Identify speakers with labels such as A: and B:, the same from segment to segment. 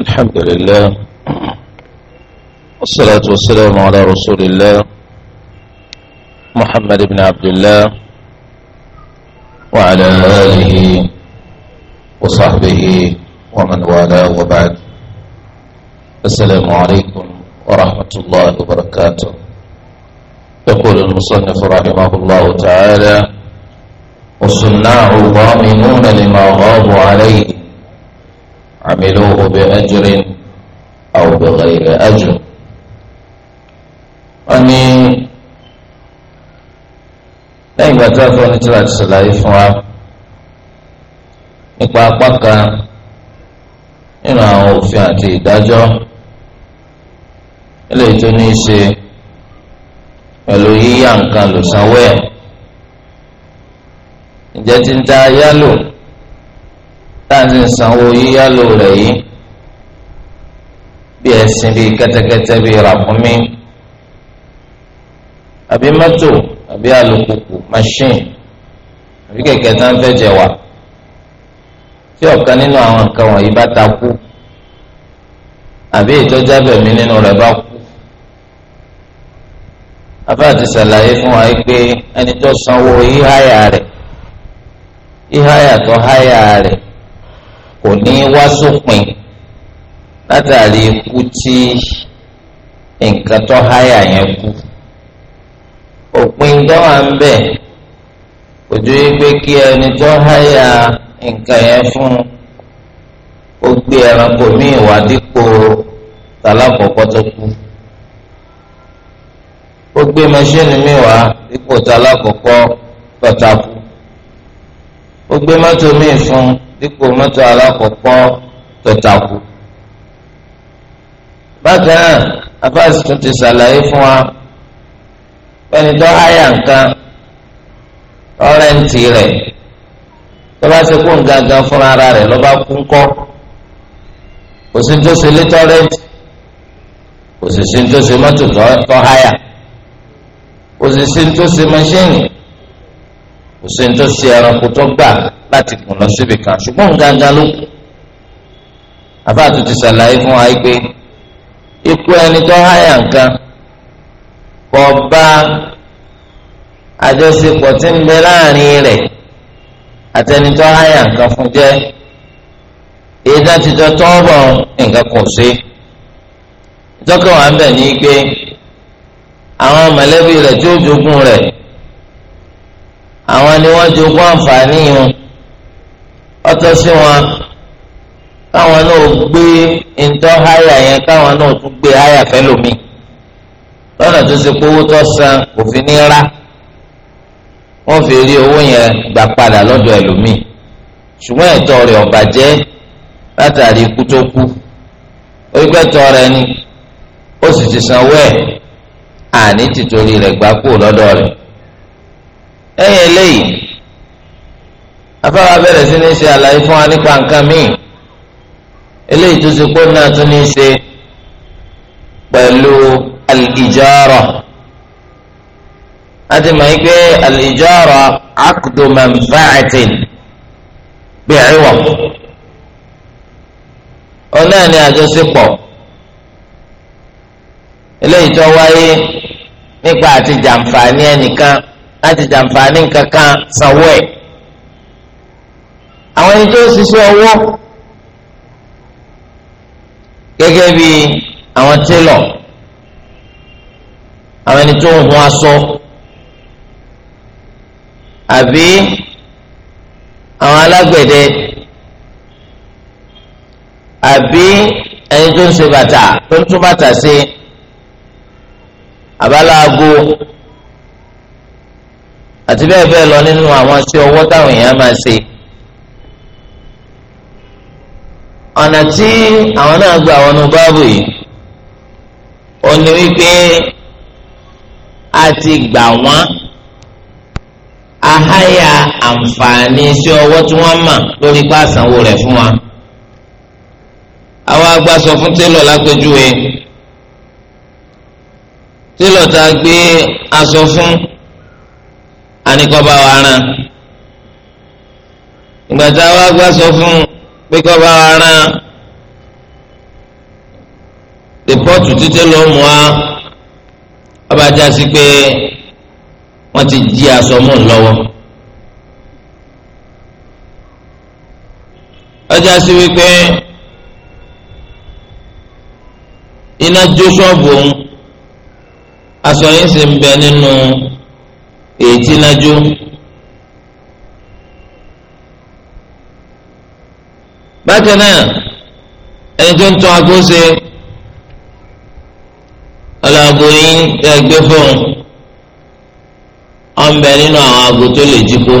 A: الحمد لله والصلاة والسلام على رسول الله محمد بن عبد الله وعلى آله وصحبه ومن والاه وبعد السلام عليكم ورحمة الله وبركاته يقول المصنف رحمه الله تعالى وصناه ضامنون لما غابوا عليه عملوه بأجر أو بغير أجر أني lẹ́yìn ìgbà tí a fẹ́ ní tíra ti ṣàlàyé fún wa nípa apá kan nínú àwọn òfin àti ìdájọ́ eléyìí tó ní í ṣe pẹ̀lú yíyá nǹkan lò sanwó ẹ̀ ǹjẹ́ ti ń dá yálò. táǹtì ń sanwó yíyálò rẹ̀ yìí bí ẹṣin bíi kete bíi ràkúnmí àbí mọ́tò àbí alùpùpù mashin àbí kẹ̀kẹ́ tá ń fẹ̀jẹ̀ wà tí ọ̀kan nínú àwọn nǹkan bá ta kú àbí ìtọ́jábẹ̀mí nínú rẹ̀ bá kú afa sàlàyé fún wa pé ẹni tó sanwó yíháyà rẹ̀ yíháyà tó kò ní wá sópin látàrí ikú tí nǹkan tó háyà yẹn kú òpin dáwà ń bẹ kò ju pé kí ẹni tó háyà nǹkan yẹn fún ó gbé ẹranko míì wá dípò tàlákọ̀ọ́kọ́ tó kú ó gbé mẹṣíìnì míì dípò tàlákọ̀ọ́kọ́ tó takú
B: ó gbé mọ́tò míì fún
A: un dípò mọ́tò alákọ̀ọ́kọ́ tọ̀tàkù. bákan náà abáàsì tún ti ṣàlàyé fún wa pẹ́ni tó háyà nǹkan ọ̀rẹ́ǹtì rẹ̀ tó bá ṣe kó nǹkan fúnra ara rẹ̀ ló bá kú ńkọ́ kò sí tó ṣe létọ́ rẹ́ǹtì kò sì sí tó ṣe mọ́tò tó háyà kò sì sí tó ṣe mọ́ṣíìnì kò sí ní tó ṣe ẹranko tó gbà láti kùn lọ síbi kan ṣùgbọ́n gángan ló kù àbáàtú ti ṣàlàyé fún wa pé ikú ẹni tó háyà nǹkan kò bá àjọṣepọ̀ tí ń bẹ láàrin rẹ̀ àtẹni tó háyà nǹkan fún jẹ́ èyí láti jọ tọ́ọ̀bọ̀ nǹkan kò sí ìjọ́kọ̀ wà ń bẹ̀ ní pé àwọn mọ̀lẹ́bí rẹ̀ tí ó jogún rẹ̀ àwọn ni wọ́n jogún àǹfààní yìí ọtọ́ sí wọn káwọn náà gbé ntọ́ háyà yẹn káwọn náà tún gbé háyà fẹ́lómi lọ́nà tó ṣe kówó tó san òfin ní rà wọ́n fi rí owó yẹn gbà padà lọ́dọ̀ ẹlòmíì ṣùgbọ́n ẹ̀tọ́ rẹ̀ ọ̀bàjẹ́ látàrí ikú tó kú orípẹ́tọ́ rẹ̀ ni ó sì ti sanwó ẹ̀ àní tìtorí rẹ̀ gbà kú lọ́dọ̀ rẹ̀ lẹ́yìn eléyìí afáwa bẹ̀rẹ̀ sí ní ṣe àlàyé fún wa nípa nǹkan míì eléyìí tó ṣe pé náà tún ní ṣe pẹ̀lú alìjọ́rọ̀ láti mọ̀ yí pé alìjọ́rọ̀ aqdu manfa'atin bi'iwa ọ̀nà ni àjọṣepọ̀ eléyìí tó wáyé nípa àti jàǹfààní ẹnìkan láti jàǹfààní kankan sanwó ẹ̀ àwọn ẹni tó ń ṣiṣẹ́ ọwọ́ gẹ́gẹ́ bí àwọn télọ̀ àwọn ẹni tó ń hun aṣọ àbí àwọn alágbẹ̀dẹ àbí ẹni tó ń ṣe bàtà tó ń tún bàtà ṣe àbálá aago
B: àti bẹ́ẹ̀ bẹ́ẹ̀ lọ nínú àwọn sí ọwọ́ táwọn èèyàn máa ṣe
A: ọ̀nà tí àwọn náà gba àwọn báàbù yìí ó ní wípé a ti gbà wọ́n aháyà àǹfààní sí ọwọ́ tí wọ́n mà lórí pàṣánwó rẹ̀ fún wa àwọn agbáṣọ fún télọ̀ lápẹjúwe télọ̀ tá a gbé aṣọ fún anikọ́ bá wa rán a wá gbà sọ fún pé kọ́ bá wa rán rìpọ́tù títí ló mú wa abájá sí pé wọ́n ti jí aṣọ mọ́ lọ́wọ́. ọjà sí wípé iná jó ṣọ́ọ̀bù òun aṣọ yìí sì ń bẹ nínú. No e tí bákan náà ẹni tó ń ṣe yín gbé nínú àwọn tó lè jí kó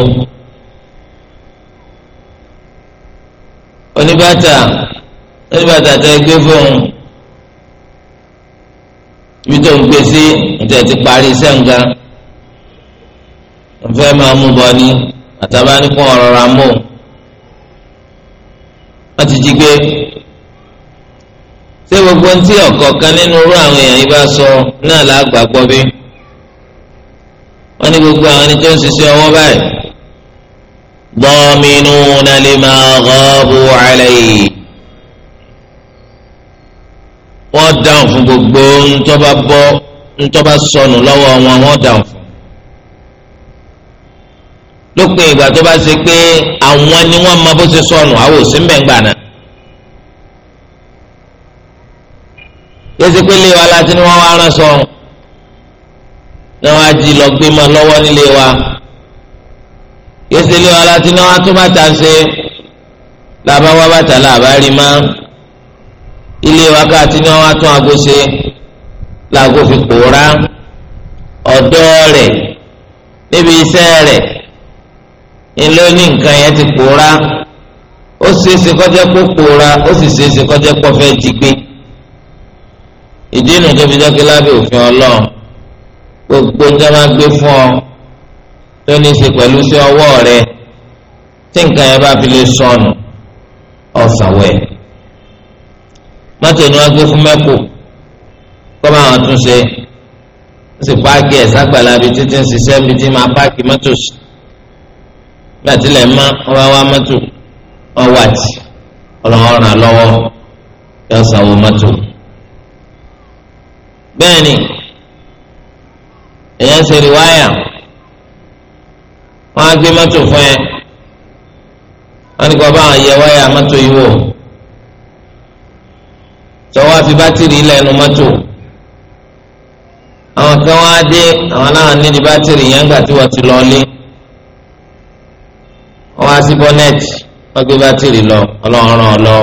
A: oníbàtà oníbàtà gbé ibi tó ń nfẹ́ máa mú bọ ní àtàbá ní kó ọ̀rọ̀ ra mú wọ́n ti jí gbé ṣé gbogbo ntí ọ̀kọ̀ọ̀kan nínú irú àwọn èèyàn yìí bá sọ náà lágbàgbọ́ bí wọ́n ní gbogbo àwọn ẹni tó ń ṣiṣẹ́ ọwọ́ báyìí ضامنون لما غابوا عليه wọ́n dáhùn fún gbogbo ntọ́ba bọ́ ntọ́ba sọnù lọ́wọ́ wọn wọ́n dáhùn fún lópin ìgbà tó bá ṣe pé àwọn ni wọ́n mọ bó ṣe sọnù àwọn òsín bẹ̀ náà.
B: yẹ́sẹ̀ pé ilé wa láti ni wọ́n wá rán sọ̀rùn náà wá jí lọ gbé mọ́ lọ́wọ́
A: nílé wa yẹ́sẹ̀ ilé wa láti ni wọ́n á tún bàtà ṣe làbá wá bàtà làbá rí má ilé wa káàtì ni wọ́n á tún aago ṣe làgò fi pòórá ọ̀dọ́ rẹ̀ níbi iṣẹ́ rẹ̀ ńlọ ní nǹkan yẹn ti pòórá ó ṣeéṣe kọjá pé pòórá ó sì ṣeéṣe kọjá pé ọfẹ jí gbé ìdí inú tó fi jẹ́kí lábẹ́ òfin ọlọ́run gbogbo ńjẹ́ máa gbé fún ọ tó ní í ṣe pẹ̀lú sí ọwọ́ rẹ tí nǹkan yẹn bá fi lè sọnù ọ̀sàwẹ̀ mọ́tò ni wọ́n gbé fún mẹ́kù kọ́ máa tún ṣe ó sì páàkì ẹ̀ títí ń ṣiṣẹ́ bíi tí máa páàkì mọ́tò sí bí àtìlẹ̀ má ọba wa mọ́tò ọwọ́ àti ọlọ́wọ́ ràn ya yọ sàwọ́ mọ́tò. bẹ́ẹ̀ ni èèyàn ṣe rí wáyà wọ́n á gbé mọ́tò fún ẹ wọ́n ní kó bá àwọn yẹ wáyà mọ́tò yìí wò fi bátìrì lẹ́nu mọ́tò àwọn kan wá dé àwọn bátìrì yẹn gbà tí wọ́n ti lọ wọ́n wá sí bọ́nẹ́ẹ̀tì wọ́n gbé bátìrì lọ ọlọ́run ràn ọ́ lọ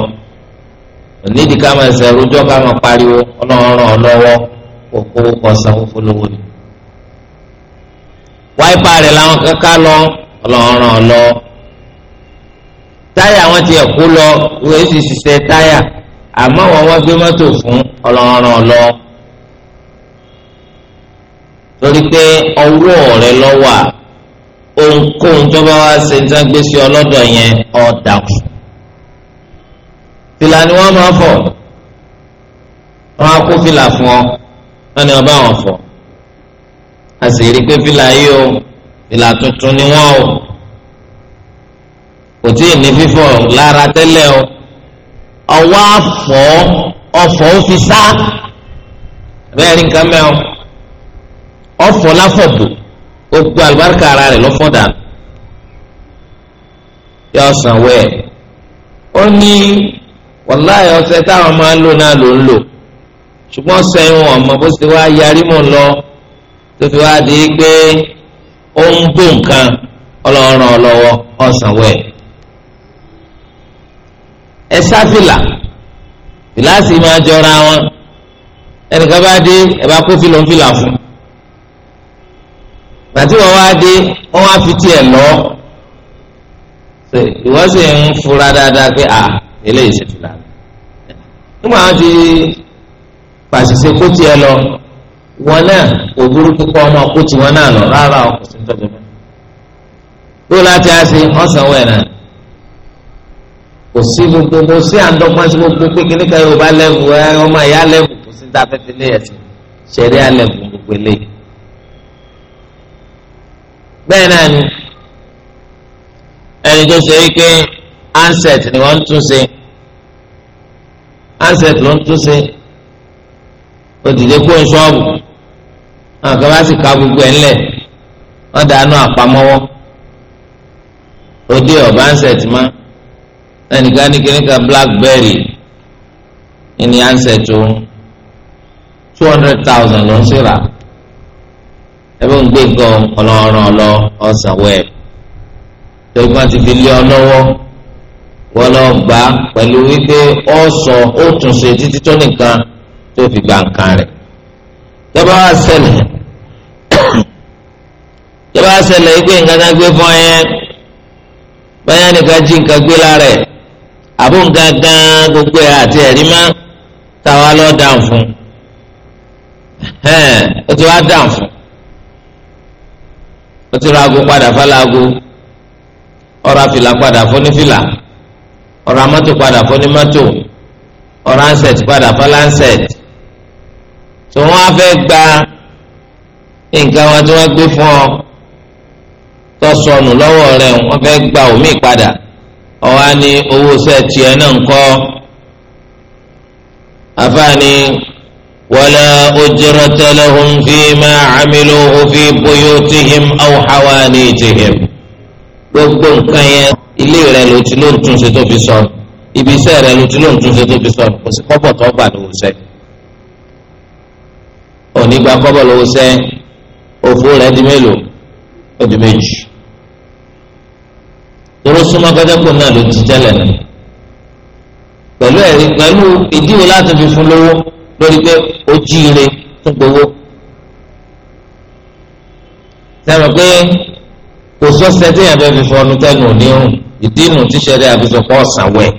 A: onídìí ká máa ṣe ẹrújọ́ ká máa pariwo
B: ọlọ́run ràn ọ́ lọ́wọ́
A: òkú ọ̀sán òfolówó ni. wáìpà rẹ̀ làwọn kankan lọ ọlọ́run ràn ọ́ lọ. táyà wọn ti ẹ̀kú lọ wọ́n èsì ṣiṣẹ́ táyà àmọ́ wọn wọ́n gbé mọ́tò fún ọlọ́run ràn torí pé ọwọ́ rẹ̀ lọ́wọ́ à ohunkóhun tó bá wá ṣe ń tán gbé sí ọlọ́dọ̀ yẹn ọ̀dà kù. fìlà ni wọ́n máa fọ̀ wọ́n á kó fìlà fún ọ wọ́n ní ọba wọn fọ̀ a sì rí i pé fìlà yìí o fìlà tuntun ni wọ́n o kò tí ì ní fífọ̀ lára tẹ́lẹ̀ o ọwọ́ àfọ̀ ọfọ̀ ó fi sá bẹ́ẹ̀ ni nǹkan mẹ́ o ọfọ̀ láfọ̀ bò gbogbo àlùbáríkà ara rẹ̀ lọ́fọ̀dà yọ sanwó ẹ̀ ó ní wàláyé ọṣẹ táwọn máa ń lò náà ló ń lò ṣùgbọ́n sẹ́yìn wọn mọ bó ṣe wáá yarí mọ̀ lọ tó fi wáá di pé ó ń bò nǹkan ọlọ́run ọlọ́wọ́ ọ̀sánwó ẹ̀ ẹ sáfìlà fìlàsì máa jọra wọn ẹnìkan bá dé ẹ bá kó fìlà ń fìlà fún un gbàtí wọn wá dé wọn wá fi tiẹ̀ lọ ìwọ sì ń fura dáadáa pé à eléyìí ṣe fìlà nígbà wọn ti pàṣẹṣe kó tiẹ̀ lọ wọn náà kò burú kíkọ ọmọ kó tiwọn náà lọ rárá o
B: kò sí ní tọjọ bẹ́ẹ̀
A: tó láti á sí ọsànwó ẹ náà kò sí gbogbo kò sí àǹdọ́gbọ́n sí gbogbo pé kíníkà Yorùbá lẹ́bù ọmọ ìyá lẹ́bù kò sí ní tafẹ́fẹ́ lé ẹ̀sìn ṣẹ̀rí alẹ́bù gbogbo eléyìí bẹ́ẹ̀ náà ni ẹni tó ṣe wípé handset ni wọ́n ń tún ṣe handset ló ń tún ṣe òdìdé kó ń ṣọ́ọ̀bù àwọn kan bá sì ka gbogbo ẹ̀ ńlẹ̀ wọ́n dànù àpamọ́wọ́ òde ọ̀bá handset mọ́ ẹnìkan ní kíní kan blackberry ní handset òun two hundred thousand ló ń ṣe rà. ẹbí ń gbé nǹkan ọlọ́ọ̀ràn lọ ọ̀sánwó ẹ̀ ti fi lé ọ lọ́wọ́ wọn lọ gbà á pẹ̀lú wípé ọ sọ ó tún ṣe títí tó nìkan tó fi gba nǹkan rẹ̀ lọ́ba wá ṣẹlẹ̀ lọ́ba wá ṣẹlẹ̀ wípé nǹkan kan gbé fún ẹ báyà nìkan jí nǹkan gbé lára ẹ̀ àbó nǹkan gbogbo ẹ̀ àti ẹ̀rí má táwa lọ́ọ́ dàn fún ti wá dàn fún ó ti ra aago padà fáláago ọ̀rọ̀ àfìlà padà fónífìlà ọ̀rọ̀ amọ́tò padà fónímọ́tò ọ̀rọ̀ ansẹ̀t padà fálánsẹ̀t tó wọ́n á fẹ́ gba nǹkan wọn tí wọ́n gbé fún ọ tó sọnù lọ́wọ́ rẹ̀ wọ́n fẹ́ gba omi padà ọ̀wá ni owó sẹ́ẹ̀tì ẹ̀ náà ń kọ́ afáàní. ولا أجرة لهم فيما عملوه في بيوتهم أو حوانيتهم gbogbo nǹkan yẹn ilé rẹ ló ti ló ń túnṣe tó fi sọ ibi iṣẹ́ rẹ ló ti ló ń túnṣe tó fi sọ kò sí kọ́bọ̀ tó bà lówó sẹ òní gba kọ́bọ̀ lówó sẹ òfò rẹ di mélòó ó di méjì dúró súnmọ́ kẹtẹkù náà ló ti tẹ́lẹ̀ pẹ̀lú ẹ̀rí pẹ̀lú ìdíwò láti fi fún lówó lórí pé ó jíire fún gbowó sẹ́wọ̀n pé kò sọ́sẹ́ tí yàrá fi fọnù tẹnu òní rùn ìdí nù tí sẹ́dẹ̀ àfisọ̀pọ̀ ọ̀sán wẹ̀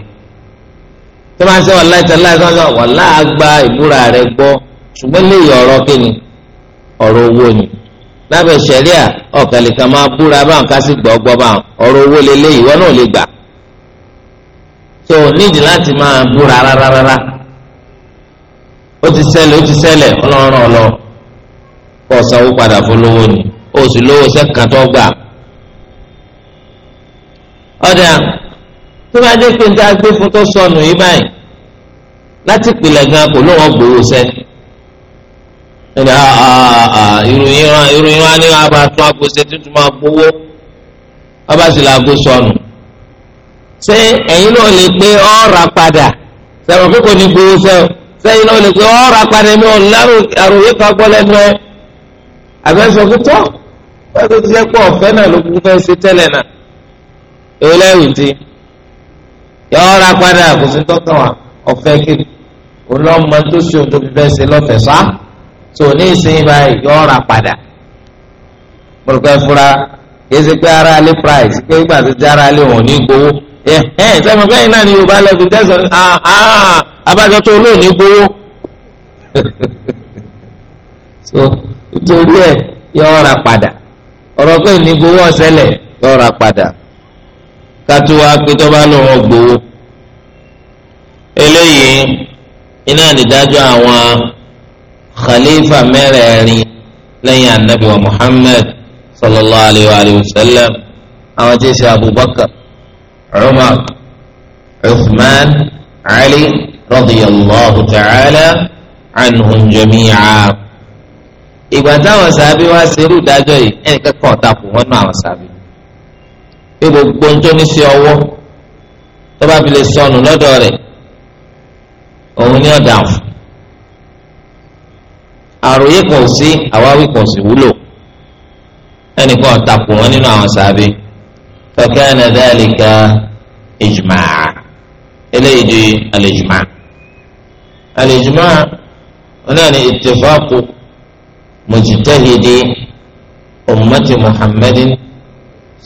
A: tó máa ń sẹ́ wàhálà ìtàlá ìtàlá wàhálà àgbà ìbúra rẹ̀ gbọ́ ṣùgbọ́n lè yọ ọ̀rọ̀ kí ni ọ̀rọ̀ owó ni lábẹ́ sẹ́ríà ọ̀kẹ́lẹ̀ kan máa búra báwọn ká sì gbọ́ gbọ́ báwọn ọ̀rọ̀ ó ti ṣẹlẹ̀ ó ti ṣẹlẹ̀ ọlọ́run ọlọ kó sanwó padà fún lówó ni ó sì lówó sẹ́kàn tó gbà. ọ̀dà tó bá dé pé níta gbé fún tó sọnù yìí báyìí láti pìlẹ̀ gan kò lóun gbowó sẹ́. ìròyìn ìròyìn wa ní wàá bá tún agbóṣe tuntun máa gbowó wọ́n bá sì làgó sọnù. ṣé ẹ̀yin náà lè pé ọ̀ọ́ra padà sẹ́wọ̀n pé kò ní gbowó sẹ́wọ̀n sẹ́yìn náà lè pe ọ̀rọ̀ apanẹ̀mí ọ̀làrò àròyé kan gbọ́ lẹ́nu ẹ̀ àbẹ́sọ̀ kútọ́ wọ́n ti jẹ́ pé ọ̀fẹ́ náà ló kúkú fẹ́ ṣe tẹ́lẹ̀ náà èyí lẹ́yìn tí yọ ọ̀rọ̀ apanẹ̀ àkóso tọ́kàn wa ọ̀fẹ́ kiri olóòmọ tó ṣe òun tó fi fẹ́ ṣe lọ́fẹ̀ẹ́ sá tó ní ìsinyìí báyìí yọ ọ̀rọ̀ apadà pọ̀lùpẹ́ fúra kì pé ara alẹ́ price pé ìgbà tó jẹ́ ara alẹ́ òun ní gbowó ẹ̀hẹ́n sẹ́mi abájọ tó olóòní gbowó so nítorí ẹ yọ ra padà ọ̀rọ̀ pé ní gbowó ọ̀sẹ̀lẹ̀ yọ ra padà kátó wá pé tó bá lò wọ́n gbowó eléyìí iná nídájọ́ àwọn khalifa mẹ́rẹ̀ẹ̀rin lẹ́yìn anabi wa muhammed sallallahu alayhi wa alayhi wa sallam àwọn tí ń ṣe abubakar umar uthman ali radiyallahu ta'ala anhum jami'a. ìgbà táwọn sàbí wá serú ìdájọ́ yìí ẹnìkan kan takò wọn nù àwọn sàbí. pé gbogbo ń tó ní sí ọwọ́ tó bá fi lè sọnù lọ́dọ̀ rẹ̀ òun ní ọ̀dà fún. àròyé kan ò sí àwáwí kan ò sì wúlò ẹnìkan ọ̀tàkùn wọn nínú àwọn sàbí. fa kana dhalika ijma'a eléyìí di alẹ́jùmá alẹ́jùmá náà ni ìtìfáàkù mujtahidi ummati muhammadin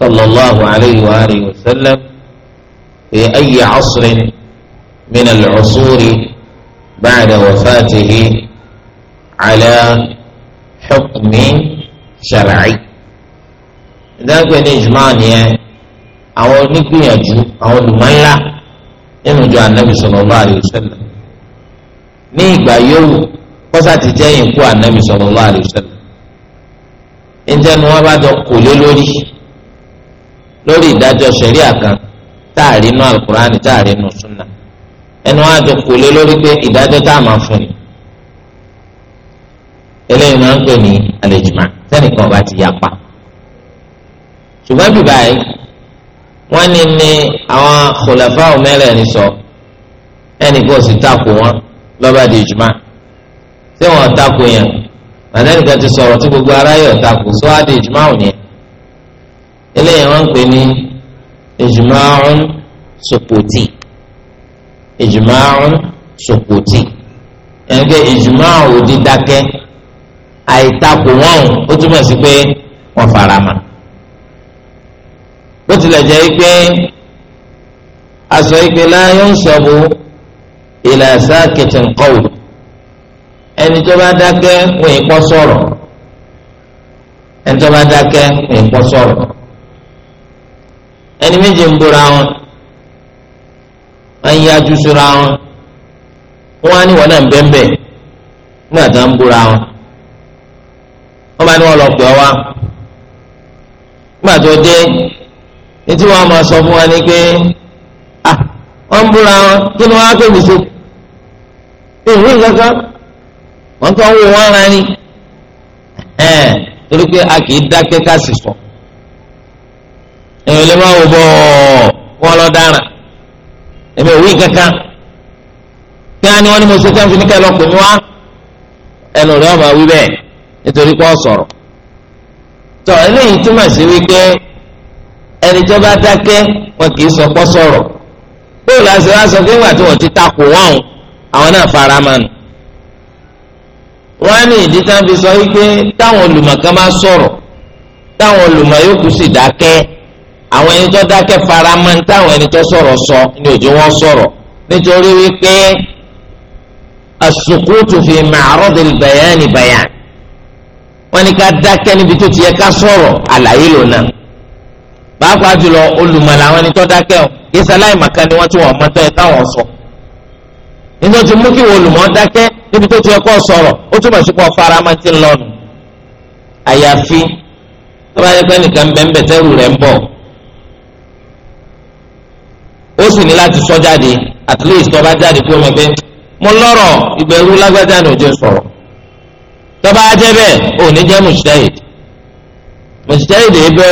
A: sallallahu alayhi wa alihi wa sallam fi ayi casrin min alcusuri bacda wafaatihi cala xukmin sharci ìdáàgbé ni ìjùmọ̀ nìyẹn àwọn onígbìyànjú àwọn olùmọ̀ńlá. nínú ìjọ anabi sallallahu alayhi wa sallam ní ìgbà yòówù ti ìkú anabi ni wọ́n bá jọ kò lé lórí lórí ìdájọ́ ṣẹ̀ríà kan táàrí inú alukur'an táàrí inú kò lé lórí pé tá a máa fún ni eléyìí máa ń pè ní ti pa. ṣùgbọ́n wọ́n ní ní àwọn khulafa mẹ́rẹ̀ẹ̀rin sọ ẹnì kan sì takò wọn lọ́ba di ìjùmọ̀ ṣé wọn takò yẹn àtẹnì kan ti sọ̀rọ̀ tí gbogbo aráyé ọ̀takò sọ wá di ìjùmọ̀ àwọn yẹn eléyìí wọ́n ń pè ní ìjùmọ̀ ọ̀hún sòpòtì ìjùmọ̀ ọ̀hún sòpòtì ẹni pé ọ̀hún dídákẹ́ àìtakò wọn ò túmọ̀ sí pé wọ́n fara mọ́ bó tilẹ̀ jẹ́ pé aṣọ ìpè láyé ń sọ̀bù ìlà sákìtì ńkọ́wò ẹni tó bá dákẹ́ wọn ìpọ́ sọ̀rọ̀ ẹni tó bá dákẹ́ wọn ìpọ́ sọ̀rọ̀ ẹni méjì ń bora wọn wọn yájú sora wọn wọn á ní wọn náà ń bẹ́ńbẹ́ nígbà tá ń wọn wọn bá ní wọn lọ pè ọ wá nígbà tó dé etí wọn máa sọ fún wa ni pé ah wọn búra wọn kí ni wọn á tóbi ṣe èyí kankan wọn kàn wò wọn ara ni ẹ torí pé a kì í dákẹ́ ká sì sọ èyí lè máa wò bọ̀ wọn lọ dára èmi ò kankan kí á ní wọn ni mo ṣe káfíńtì ká lọ pè mí wá ẹnu rẹ ọmọ wí bẹ́ẹ̀ nítorí pé ọ sọ̀rọ̀ tọ eléyìí túmọ̀ sí wípé ẹni tó bá dákẹ́ wọn kì í sọ pọ́ sọ̀rọ̀ bóyá lásìkò wá sọ pé ńgbà tí wọ́n ti takò wọ́n àwọn náà fara mọ́ ni. wọ́n á ní ìdí tá a fi sọ wípé táwọn olùmọ̀ kan máa sọ̀rọ̀ táwọn olùmọ̀ yòókù sì dákẹ́ àwọn ẹni dákẹ́ fara táwọn ẹni sọ̀rọ̀ sọ ní òjò wọn sọ̀rọ̀ nítorí wípé as-sukutu fi ma'radil bayani bayan wọ́n ní ká dákẹ́ níbi tó ti yẹ ká sọ̀rọ̀ àlàyé lónàá pàápàá jùlọ olùmọ̀lá àwọn ẹni tó dákẹ́ ọ yẹsẹ aláìmọ̀kan ni wọ́n ti wọ̀ mọ́tọ́ ẹ káwọn sọ nítorí ti mú kí wọ́n olùmọ̀ dákẹ́ níbi tó ti ẹ̀kọ́ sọ̀rọ̀ ó túbọ̀ sí pọ̀ farama ti lọ́nu àyàfi tó bá yẹ pé nìkan bẹ́ẹ̀ tẹ́rù rẹ̀ ń bọ̀ ó sì ní láti sọ jáde at least tó bá jáde kí ó mọ̀ pé mo lọ́rọ̀ ìbẹ̀rù lágbájá ni òjò sọ̀rọ̀ tó bá jẹ́ bẹ́ẹ̀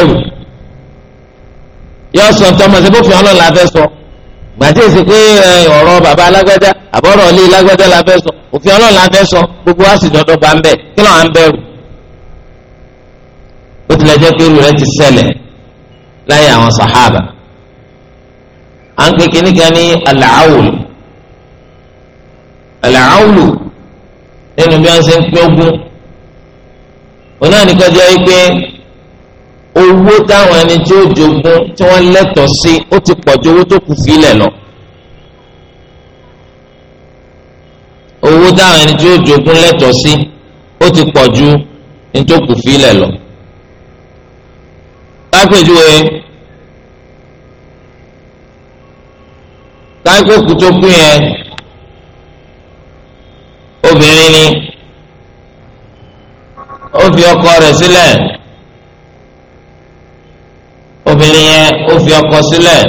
A: ò yọ sọ ntọ́mọ sí bófin ọlọ́run la fẹ́ sọ gbàtí èsì pé ọ̀rọ̀ bàbá alágbádá àbọ̀rọ̀ ilé alágbádá la fẹ́ sọ òfin ọlọ́run la fẹ́ sọ gbogbo wa sì dọ́dọ́ gba ń bẹ̀ kí ló à ń bẹ̀rù. ó tilẹ̀ jẹ́ pé irú rẹ̀ ti ṣẹlẹ̀ láyé àwọn sàhábà à ń pè kíní kan ní àlàáwùlù àlàáwùlù nínú bí wọ́n ṣe ń pín ogún òun náà nìkan jẹ́ pé owó táwọn ẹni tí ó jogún tí wọ́n lẹ́tọ̀ọ́ sí ó ti pọ̀ ju owó tó kù fílẹ̀ lọ. owó táwọn ẹni tí ó jogún lẹ́tọ̀ọ́ sí ó ti pọ̀ ẹni tó kù fílẹ̀ lọ. lápèjúwe káíkókù tó kú yẹn obìnrin ni ó fi ọkọ rẹ̀ sílẹ̀. Si obìnrin yẹn ó fi ọkọ sílẹ̀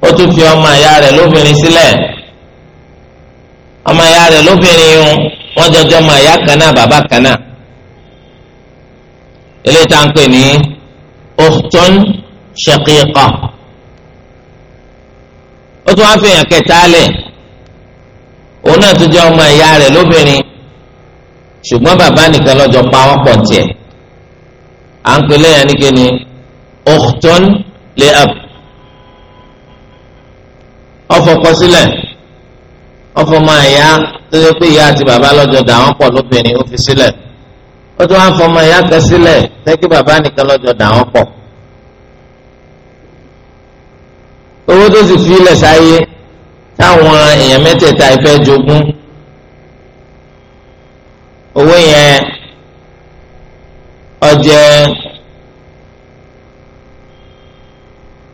A: ó tún fi ọmọ ìyá rẹ̀ lóbìnrin sílẹ̀ ọmọ ìyá rẹ̀ lóbìnrin yìí wọ́n jọjọ ọmọ ìyá kan náà bàbá kan náà eléyìí ń pè ní ukhtun shaqiqa ó tún wá fi hàn kẹta lẹ̀ òun náà tún jẹ́ ọmọ ìyá à ń pèlè yẹn nìkan ni ọ̀tọ́n lè ab ọfọkọ sílẹ̀ ọfọ máa yá tó yẹ pé ìyá àti bàbá lọ́jọ́ dà wọ́n pọ̀ lóbìnrin ó fi sílẹ̀ ó tún wá fọmọ ìyá kan sílẹ̀ tẹ́kí bàbá nìkan lọ́jọ́ dà wọ́n pọ̀ owó tó sì fi ilẹ̀ sáyé táwọn èèyàn mẹ́tẹ̀ẹ̀ta ìfẹ́ jogún owó yẹn ọjẹ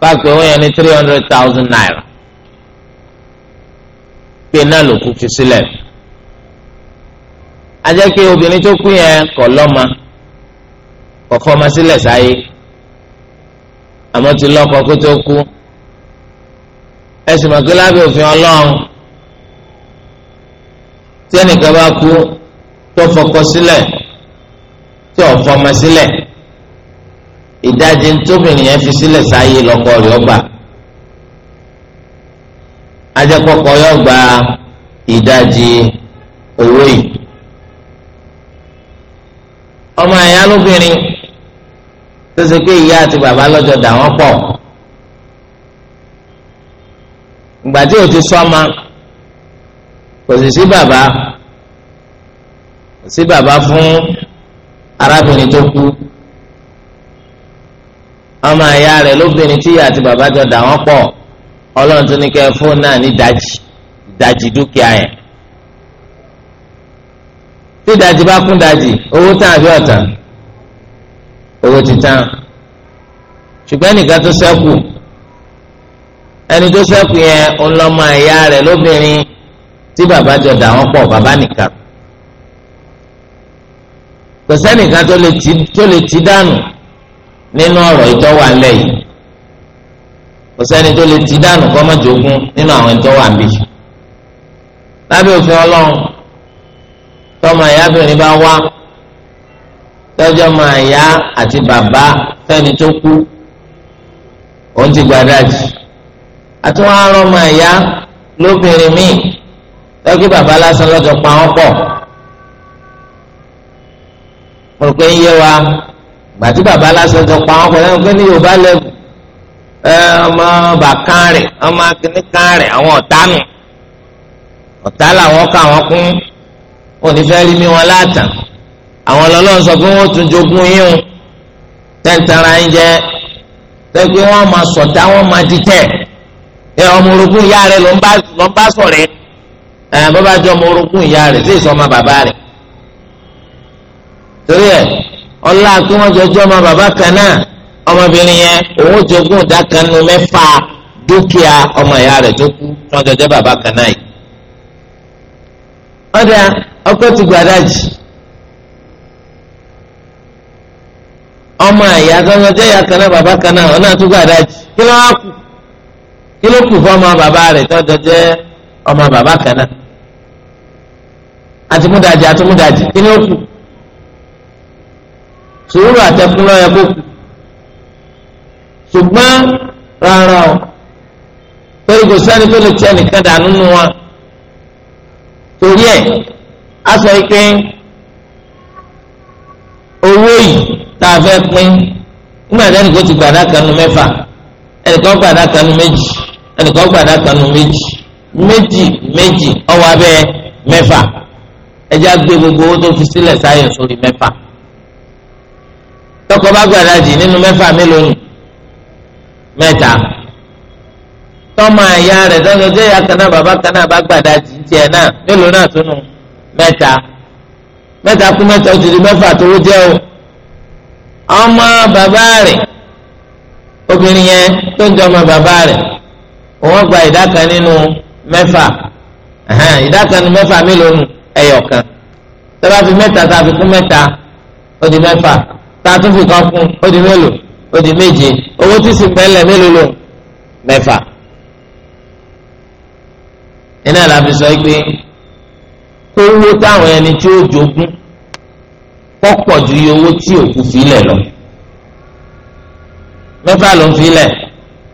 A: báàkì owó yẹn ní three hundred thousand naira pé náà ló kú fi sílẹ̀ ajẹ́ pé obìnrin tó kú yẹn kọ̀ lọ́mọ kọ̀ fọ́mọ sílẹ̀ sáyé àmọ́ ti lọ́kọ kó tó kú ẹ̀sìn mọ̀kí lábẹ́ òfin ọlọ́run tí ẹnìkan bá kú tó fọkọ sílẹ̀ tí ò fọmọ sílẹ̀ ìdajì tóbìnrin yẹn fi sílẹ̀ sáyé lọ́kọ rẹ̀ ọgbà ajẹkọkọ yọ gba ìdajì owó yìí ọmọ ẹ̀yà lóbìnrin tó ṣe pé ìyá àti bàbá lọ́jọ́ dà wọ́n pọ̀ ìgbà tí o ti sọ́ma kò sì sí bàbá sí bàbá fún arábìnrin tó kú ọmọ ìyá rẹ̀ lóbìnrin tí ìyá àti bàbá jọ dà wọ́n pọ̀ ọlọ́run tó ní kẹ́ fóònù náà ní ìdajì ìdajì dúkìá yẹn tí ìdajì bá kún ìdajì owó tán àbí ọ̀tàn owó ti tán ṣùgbọ́n ẹnìkan tó ṣẹ́kù ẹni tó ṣẹ́kù yẹn ńlọ́mọ ìyá rẹ̀ lóbìnrin tí bàbá jọ dà wọ́n pọ̀ bàbá nìkan kò sẹ́nìkan tó lè ti dànù nínú ọ̀rọ̀ ìtọ́wà ńlẹ̀ yìí kò sẹ́ni tó lè ti dànù kọ́mọ́jogún nínú àwọn ìtọ́wà ńbí. lábẹ́ òfin ọlọ́run tọ́mọ ìyábìnrin bá wá tọ́jọ́ máa yá àti bàbá fẹ́ni tó kú òun ti gbàdájì àtúwọ́n arọ́ máa yá lóbìnrin míì tọ́kí bàbá lásán lọ́jọ́ pa wọ́n pọ̀ mo rò pé ń yé wa gbàtí bàbá lásán tó pa wọn pẹ̀lú ẹni pé ní yorùbá lẹ́bù ọmọ bàkán rẹ̀ ọmọ akínníkan rẹ̀ àwọn ọ̀tá nù ọ̀tá làwọn kà wọ́n kún onífẹ́ rí mi wọn látàn àwọn ọlọ́run sọ pé wọ́n tún jogún yín o tẹ́ǹtara ń jẹ́ tẹ́gbẹ́ wọn máa sọ̀tá wọn máa dìtẹ̀ ẹ ọmọ orogún ìyá rẹ̀ ló ń bá sọ̀rẹ́ ẹ bàbá jẹ́ ọmọ orogún ìyá rẹ̀ sí ìsọmọ bàbá rẹ̀ torí ẹ ọlá kí wọ́n jọjọ ọmọ bàbá kan náà ọmọbìnrin yẹn òun jogún ìdákanu dúkìá ọmọ ìyá rẹ̀ tó kú jọjọ bàbá kan náà yìí. ọkọ ti gbàdájì ọmọ ìyá gbọ́dọ̀ ìyá kan náà bàbá kan náà ọ̀nà tó gbàdájì kí ló wá kí ló kù ọmọ bàbá rẹ̀ tó jọjọ sùúrù àtẹkùn lọ́yẹ kó kù ṣùgbọ́n rárá o torí kò sẹ́ni tó lè tẹ nìkan dànù nù wọn torí ẹ̀ á sọ pé owó yìí tá a fẹ́ pín nígbà tí ẹnìkan ti gbàdá kanu mẹ́fà ẹnìkan gbàdá kanu méjì ẹnìkan gbàdá kanu méjì méjì méjì ọwọ́ abẹ́ mẹ́fà ẹjẹ́ àgbẹ̀ gbogbo owó tó fi sílẹ̀ sáyẹ̀ sórí mẹ́fà tọkọ bá gbàdájì nínú mẹ́fà mélòó nù mẹ́ta tọmọ ẹyà rẹ dọdọ jẹ ìyá kan náà bàbá kan náà bá gbàdájì tiẹ̀ náà mélòó náà tún nù mẹ́ta mẹ́ta kú mẹ́ta ó ti di mẹ́fà tówó jẹ o ọmọ bàbá rẹ obìnrin yẹn tó ń jẹ ọmọ bàbá rẹ òun gba ìdá kan nínú mẹ́fà ìdá kan nínú mẹ́fà mélòó nù ẹyọ kan tọ́ba fi mẹ́ta tàbí kún mẹ́ta ó di mẹ́fà tààtún fi kan kún ó di mélòó ó di méje owó tí sì bẹ́lẹ̀ mélòó lò mẹ́fà. iná la fi sọ pé owó táwọn ẹni tí ó jogún pọ̀pọ̀ ju iye owó tí òkú filẹ̀ lọ mẹ́fà ló ń filẹ̀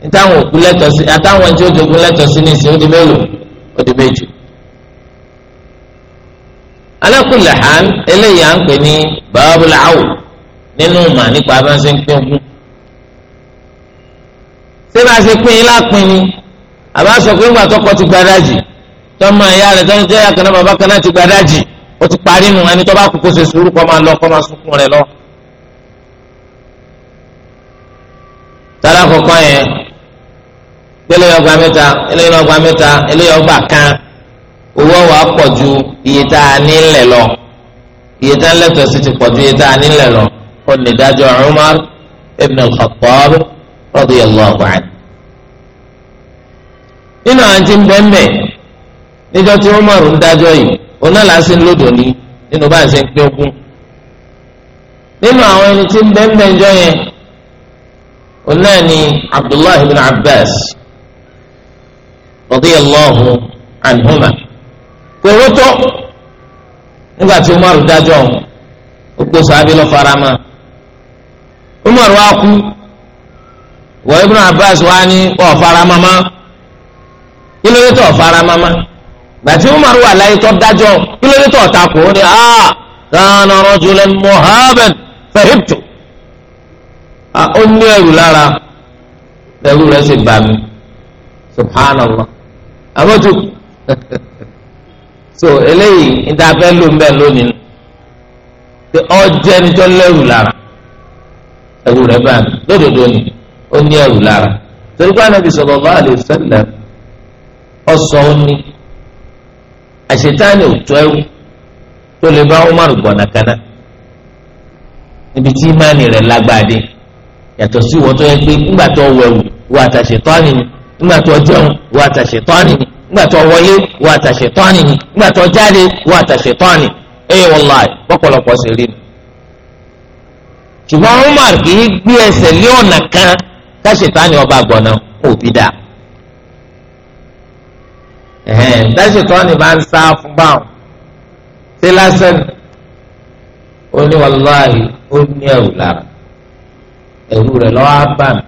A: nítawọn òkú lẹ́tọ̀ọ́ sí àtàwọn ẹni tí ó jogún lẹ́tọ̀ọ́ sí ní ìsìn ó di mélòó ó di méje alákùlẹ̀ hàn eléyìí à ń pè ní bàbá bùlà áwò nínú ìmọ̀ nípa abẹ́nsẹ́ ń pín ogún. ṣé bá a ṣe pín in lápin ni àbá sọ pé ńgbà tọkọ ti gbadájì tọmọ ìyá rẹ tọ́ni jẹ́ ìyá kaná bàbá kaná ti gbadájì ó ti parí nu ẹni tó bá kú kó ṣe sùúrù kó máa lọ kó máa sunkún rẹ lọ. tara kọ̀ọ̀kan yẹn eléyìí ọgbà mẹ́ta eléyìí ọgbà mẹ́ta eléyìí ọgbà kan owó ọwọ́ á ju iye tá a ní lọ iye tá a ń lẹ̀tọ̀ sí ti pọ̀ ju iye tá a ní lọ onídàájọ́ Umar ibn al-Khattab radiyallahu anhu. nínú àwọn tí ń bẹ́ẹ̀ mẹ́ níjọ́ tí Umar ń dájọ́ yìí oná làásì ń lòdò ní nínú bá ṣe ń pín ogún nínú àwọn ẹni tí ń bẹ́ẹ̀ mẹ́ ńjọ́ yẹn oná ni Abdullahi ibn Abbas radiyallahu anhuma kòrótó nígbà tí Umar dájọ́ gbogbo sàbí lọ farama umar wa kú wọ ibn abbas wa ni ọ̀fara mama kílódé tó ọ̀fara mama gbàtí umar wà láyé tó dájọ́ kílódé tó ọ̀tá kù ó a ah, kana rajulan muhaban fahibtu a ah, ó ní ẹrù lára ẹrù rẹ̀ sì bà mí subhanallah àbójú so eléyìí ní ta fẹ́ lò ń bẹ̀ lónìí ọjọ́ ẹni tó lẹ́rù lára ẹrù rẹ̀ bá mi lódodo ni ó ní ẹrù lára torí pé anabi sallallahu alaihi wasallam ọsọ ó ní àṣetáni òtún ẹrù tó lè bá Umar gbọ̀nàkaná níbi tí ìmánì rẹ̀ lágbàdé yàtọ̀ sí ìwọ́n tó yẹ pé ńgbà tó wẹ̀wù wà àtàṣetọ́ni ni ńgbà tó jẹun wà àtàṣetọ́ni ni ńgbà tó wọlé wà àtàṣetọ́ni ni ńgbà tó jáde wà àtàṣetọ́ni ẹ̀yẹ wallahi bọ́pọ̀lọpọ̀ sì rí ni ṣùgbọ́n Umar kì í gbé ẹsẹ̀ lé ọ̀nà kan káṣetánì ọba gbọ̀nà kò fi dà dáṣetánì bá ń sá fún báwọn ṣé lásán ó ní wàláhì ó ní ẹrù lára ẹrù rẹ̀ lọ́wọ́ á bà mí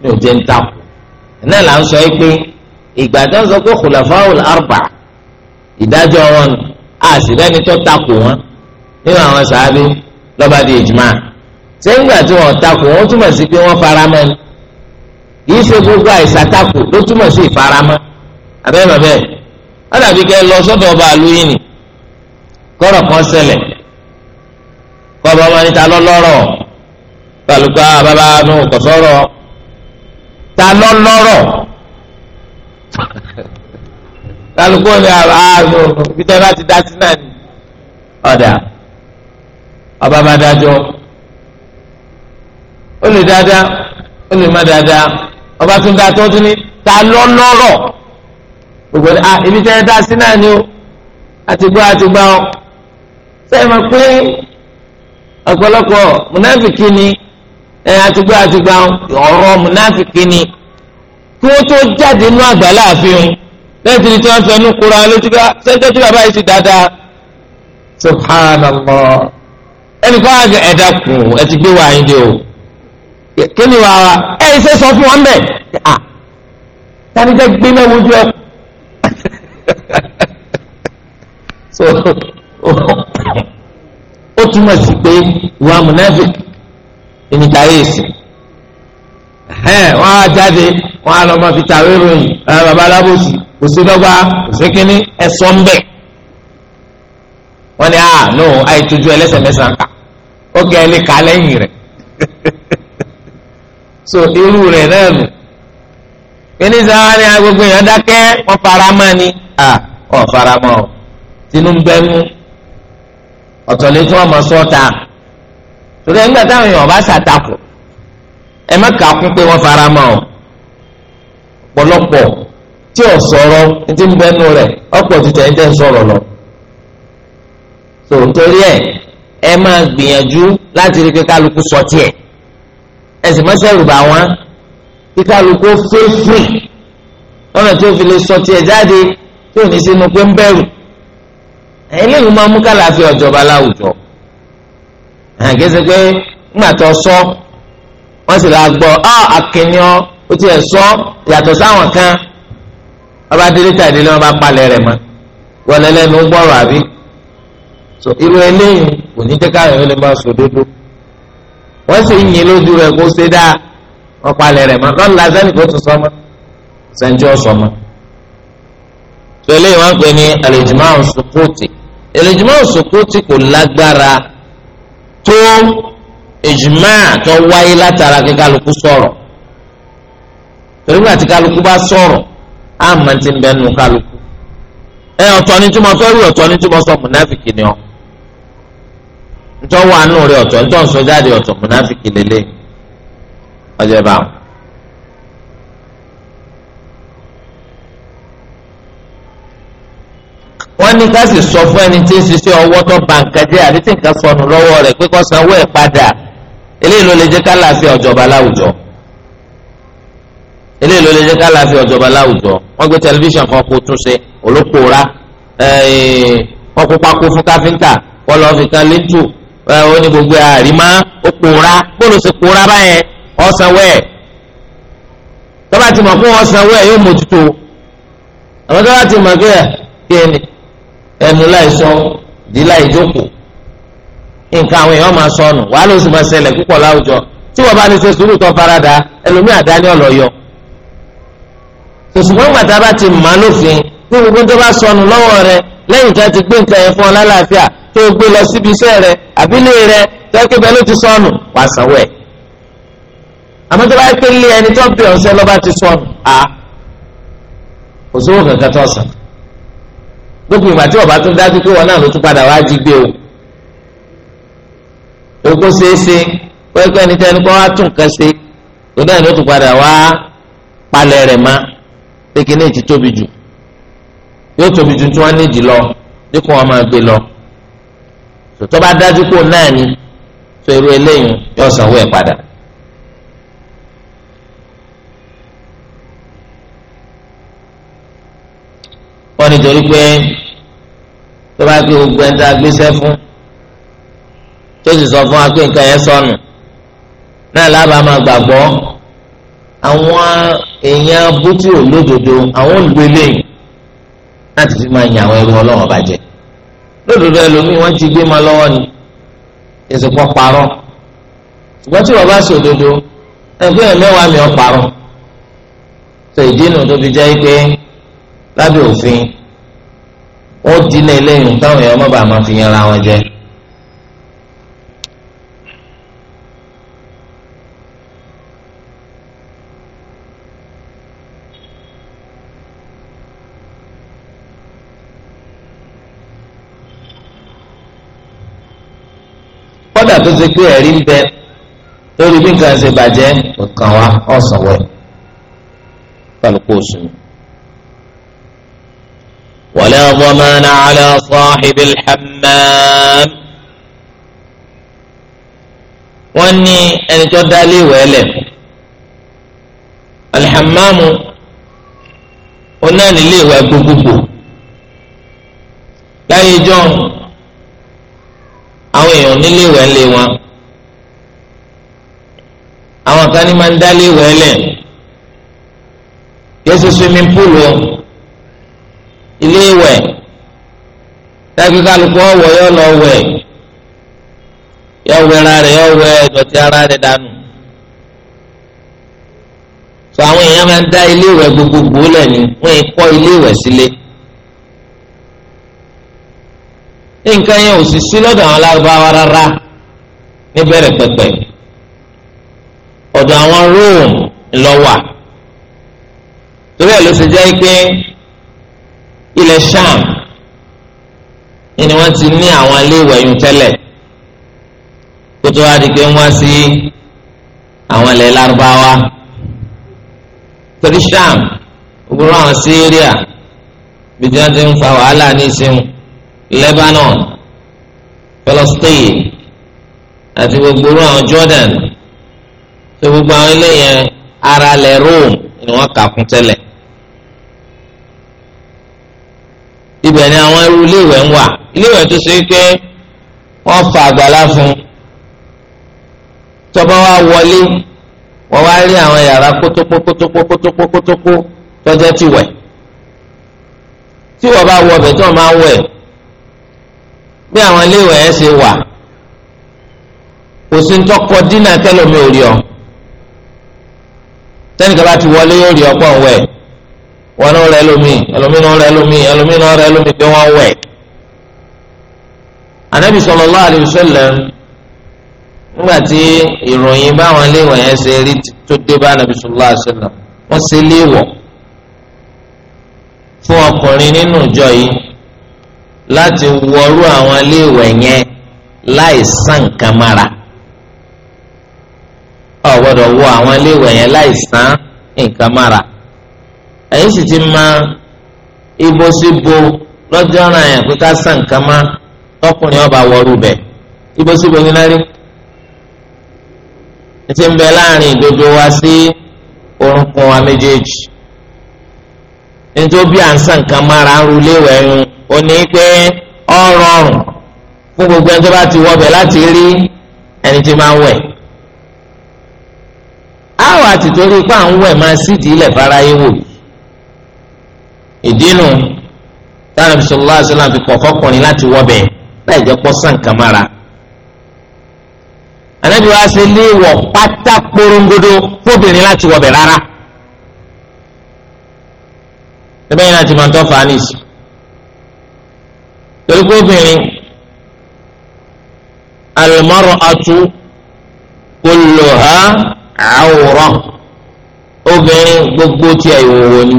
A: ní òjẹ́ ń takò náà là ń sọ yìí pé ìgbà tó ń sọ pé khulafa'ul arba ìdájọ́ wọn a tó takò wọn nínú àwọn sàábé lọ́ba di ìjùmọ̀ sẹ́yìngbà tí wọ́n takò wọ́n túmọ̀ sí pé wọ́n faramọ́ ni kìí ṣe gbogbo àìsàtakò ló túmọ̀ sí ìfaramọ́ abẹ́rẹ́ bẹ́ẹ̀ ọ̀dàbí kẹ́ lọ sọ́dọ̀ ọba àlóyìn ni kọ́rọ̀ kan ṣẹlẹ̀ kọ́ba ọmọ níta lọ́lọ́rọ̀ balùwẹ̀ bàbá nù kọ̀sọ́rọ̀ ta lọ́lọ́rọ̀ kálukú ni àánú peter bá ti dá sí náà ni ọ̀dà ọba bá dájọ́
B: ó lè dáadáa
A: ó lè má dáadáa ọba tún dáa tó tún ní ta lọ́lọ́rọ̀ gbogbo ní a ibi tẹ́ ẹ dá sí náà ni o àti gbọ́ àti gbà ọ́ sẹ́yìn máa pé ọ̀pọ̀lọpọ̀ mùnáfìkì ni ẹ àti gbọ́ àti gbà ọ̀rọ̀ mùnáfìkì ni kí wọ́n tó jáde nú àgbàlá àfihàn lẹ́yìn tí wọ́n fẹnu kura lójú ká sẹ́jọ́ tí bàbá yìí ti dáadáa subhanallah ẹnì kan àgbẹ̀ ẹ̀dá kù ẹ ti gbé wàá yín dé o kí ni wàá wa ẹ ṣe sọ fún wọn bẹ́ẹ̀ à tani jẹ́ gbé náà wojú ẹ. so ó túmọ̀ sí pé ìwà munafik ìnìtàyè ìsìn wọ́n á jáde wọ́n á lọ máa fi tàwé ròyìn bàbá alábòsí kò sí dọ́gba kò sí kínní ẹ̀sọ́ ń bẹ̀ wọ́n ní ah no àìtójú ẹlẹ́sẹ̀ mẹ́sàn-án ká ó kẹ́ ẹ lè kà á lẹ́yìn rẹ̀. so irú rẹ̀ náà nù kíní sáwá ni gbogbo èèyàn dákẹ́ wọ́n fara mọ́ ni ọ̀ fara mọ́ ọ tinúbẹ́nu ọ̀tọ̀lẹ́ tí wọ́n mọ sọ́ta torí ẹ̀ńgbà táwọn èèyàn bá ṣàtakò ẹ má kà á kún pé wọ́n fara mọ́ ọ tí ò sọ̀rọ̀ ti ń bẹ́nu rẹ̀ ọ̀pọ̀ tuntun ẹ̀ ń tẹ́ sọ̀rọ̀ lọ. so nítorí ẹ ẹ máa gbìyànjú láti rí pé kálukú sọ ẹ̀sìn mọ́sẹ̀rù bá wọn kí kálukú fífì lọ́nà tí ó fi lè sọ tiẹ̀ jáde tí ò ní sínú pé ń bẹ̀rù eléyìí máa mú kálàáfíà ọ̀jọ̀ba láwùjọ àgẹ́sẹ̀ pé ńgbà tó sọ wọ́n sì la gbọ́ ọ́ akínníọ́ ó tiẹ̀ sọ yàtọ̀ sáwọn kan ọba délé tàdé lọ́wọ́ bá palẹ̀ rẹ̀ mọ́ wọlé lẹ́nu gbọ́rọ̀ àbí so irú eléyìí kò ní jẹ́ káyọ̀ lè máa sọ dódó wọ́n sì ń yin lójú rẹ̀ kó ṣe dáa wọ́n palẹ̀ rẹ̀ mọ́ lọ́nà lásán kó tún sọmọ́ sẹ́ńjọ́ sọmọ́. tòlẹ́ wọn pè ní al-ijma'u sukuti al-ijma'u sukuti kò lágbára tó ìjùmọ́ àtọ́ wáyé látara kí kálukú sọ̀rọ̀ torí gbà tí kálukú bá sọ̀rọ̀ á mọ̀ ń bẹ́ẹ̀ nu kálukú ẹ ọ̀tọ̀ ni tí mo ọ̀tọ̀ ni tí sọ ntọ́ wà nù rẹ̀ ọ̀tọ̀ ntọ́ nsọ jáde ọ̀tọ̀ múnáfíkì lélẹ̀ ọjọ́ bá wọn. wọ́n ní ká sì sọ fún ẹni tí ń ṣiṣẹ́ ọwọ́ tó ba nǹkan jẹ́ àbí tí nǹkan sọnù lọ́wọ́ rẹ̀ pé kó sanwó ẹ̀ padà eléyìí ló lè jẹ́ ká láàfin ọ̀jọ̀ba láwùjọ eléyìí ló lè jẹ́ ká láàfin ọ̀jọ̀ba láwùjọ wọ́n gbé tẹlifíṣàn kan kó tún ṣe olókòóra wọ́n fún káfíńtà wọ́n lọ́ọ́ fi kan lẹ́ńtù ó ní gbogbo àrímá ó pòórá bóòlù sì pòórá báyẹn ọ̀sánwó e tọ́ba ti mọ̀ fún ọ̀sánwó ẹ̀ yóò mójútó àwọn tọ́ba ti mọ̀ ẹnu láì sọ di láì jókòó nǹkan àwọn èèyàn máa máa ṣẹlẹ̀ púpọ̀ láwùjọ tí wọ́n bá ní ṣe sùúrù tó farada ẹlòmíì àdáni gbàtà bá ti mọ̀ lófin gbogbo tó bá sọnù lọ́wọ́ rẹ lẹ́yìn tó o gbé lọ síbi iṣẹ́ rẹ àbílẹ rẹ tẹkẹ bẹ́ẹ̀ ló ti sọnù wà sanwó ẹ àmọ́ tó bá yẹ pé ilé ẹni tó bẹ ọsẹ lọ ti sọnù a kò sówó kankan tó sàn gbogbo ìgbà tí ọba tó dájú pé wọn náà ló tún padà wá jí gbé o oko ṣeéṣe pẹ́ẹ́pẹ́ ní tẹ́ni kọ́ wá tún nǹkan ṣe tó náà ló tún padà wá palẹ̀ rẹ̀ má pé kí ní èjì tóbi jù yóò tóbi jù tí wọ́n ní jì lọ dípò wọn máa gbé lọ tòtọ́ bá dájú kó náà ni tó irú eléyìí yóò sanwó ẹ̀ padà. wọ́n ní torí pé tó bá gbé gbogbo ẹni tá a gbéṣẹ́ fún tó sì sọ fún wa pé nǹkan yẹn sọnù náà lábàá máa gbàgbọ́ àwọn èèyàn bútí òlódodo àwọn olùgbé lẹ́yìn láti fi máa yan àwọn ẹrú ọlọ́run bàjẹ́ lódodo ẹlòmíì wọ́n ti gbé ma lọ́wọ́ ni ìsìnkú parọ́ ṣùgbọ́n tí wọ́n bá sọ òdodo ẹgbẹ́ yẹn mẹ́wàá mi ọ̀ parọ́ tó ìdínà tó fi jẹ́ pé lábẹ́ òfin wọ́n dín ní eléyìí táwọn èèyàn má máa fi yẹn ra wọn jẹ. tó ṣe pé ẹ̀rí ń bẹ lórí bí nǹkan ṣe bàjẹ́ nǹkan wa ọ̀sánwó ẹ̀ kálukú oṣù.
B: ولا ضمان على صاحب
A: الحمام wọ́n ní ẹni tó dálé ìwẹ̀ lẹ̀ alḥàmámù onáà nílé ìwẹ̀ gbogbogbò láyé jọ́n nílé ìwẹ̀ ńlé wọn àwọn kan ní máa ń dá lé ìwẹ̀ lẹ̀ yéésù swimming pool o ilé ìwẹ̀ táàbí kálukú ọ̀wọ̀ yọ lọ wẹ̀ yọ wẹ̀ ara rẹ̀ yọ wẹ̀ ìdọ̀tí ara rẹ̀ dànù tó àwọn èèyàn máa ń dá ilé gbogbogbò lẹ̀ ni wọ́n kọ́ ilé sílé. Si nǹkan yẹn ò sì sí lọ́dọ̀ àwọn lárúbáwá rárá níbẹ̀rẹ̀ pẹ̀pẹ̀ ọ̀dọ̀ àwọn róòm lọ́wà torí ẹ̀ ló ṣe jẹ́ pé ilẹ̀ sham ni wọ́n ti ní àwọn iléèwẹ̀ yun tẹ́lẹ̀ kó tó wá di pé wọ́n sí àwọn ilẹ̀ lárúbáwá torí sham gbogbo àwọn síríà bí wọ́n ti ń fa wàhálà ní ìsinmi. Lebanon Palestine àti gbogbo irú àwọn Jordan tó gbogbo àwọn ilé yẹn ara lẹ̀ Rome ni wọ́n kà kún tẹ́lẹ̀ ibẹ̀ ni àwọn irú iléèwẹ̀ ń wà iléèwẹ̀ tó ṣe pé wọ́n fa àgbàlá fún tọ́ba wa wọlé wọ́n wá rí àwọn yàrá kótópókótópókótópókótópó tọ́jẹ́ ti wẹ̀ tí wọ́n bá wọ ọbẹ̀ tí wọ́n máa wẹ̀ bí àwọn iléèwé ẹ ṣe wà kò sí ń tọkọ dínà kẹlòmí ò rí ọ tẹnìkan bá ti wọlé yóò rí ọpọ òun wẹ wọn náà rẹ lómi ẹlòmí náà rẹ lómi ẹlòmí náà rẹ lómi pé wọn wẹ. anabi sallallahu alaihi wasallam nígbà tí ìròyìn báwọn iléèwé ẹ ṣe rí tó dé bá anabi sallallahu alaihi wasallam wọn ṣe léèwọ̀ fún ọkùnrin nínú ìjọ yìí. láti wọrú àwọn iléèwẹ̀ yẹn láì sàn E mára ọ gbọ́dọ̀ wọ àwọn ti máa ibo síbo lọ́jọ́ ọ̀ràn yẹn pé ká sàn tọkùnrin ọba wọrú bẹ̀ ibo síbo ní lárí ti ń bẹ láàrin ìdodo wa sí orunkun wa méjèèjì nítorí bí à ń sàn òní pé ọ rọrùn fún gbogbo ẹni tó bá ti wọbẹ̀ láti rí ẹni tí máa ń wẹ̀. àwọn àtìtórí ipá ń wẹ̀ máa sídìí ilẹ̀ fáráyé wò ìdínú táwọn bisalòlá àṣìlá fi kọ̀ fọkùnrin láti wọbẹ̀ láì jẹ́ pọ́ sànkà mára. ànábi wa ṣe léèwọ̀ pátá porongodo fóbìnrin láti rárá. torí pé obìnrin al-mar'atu kulluha awra obìnrin gbogbo tiẹ̀ ìwòwò ni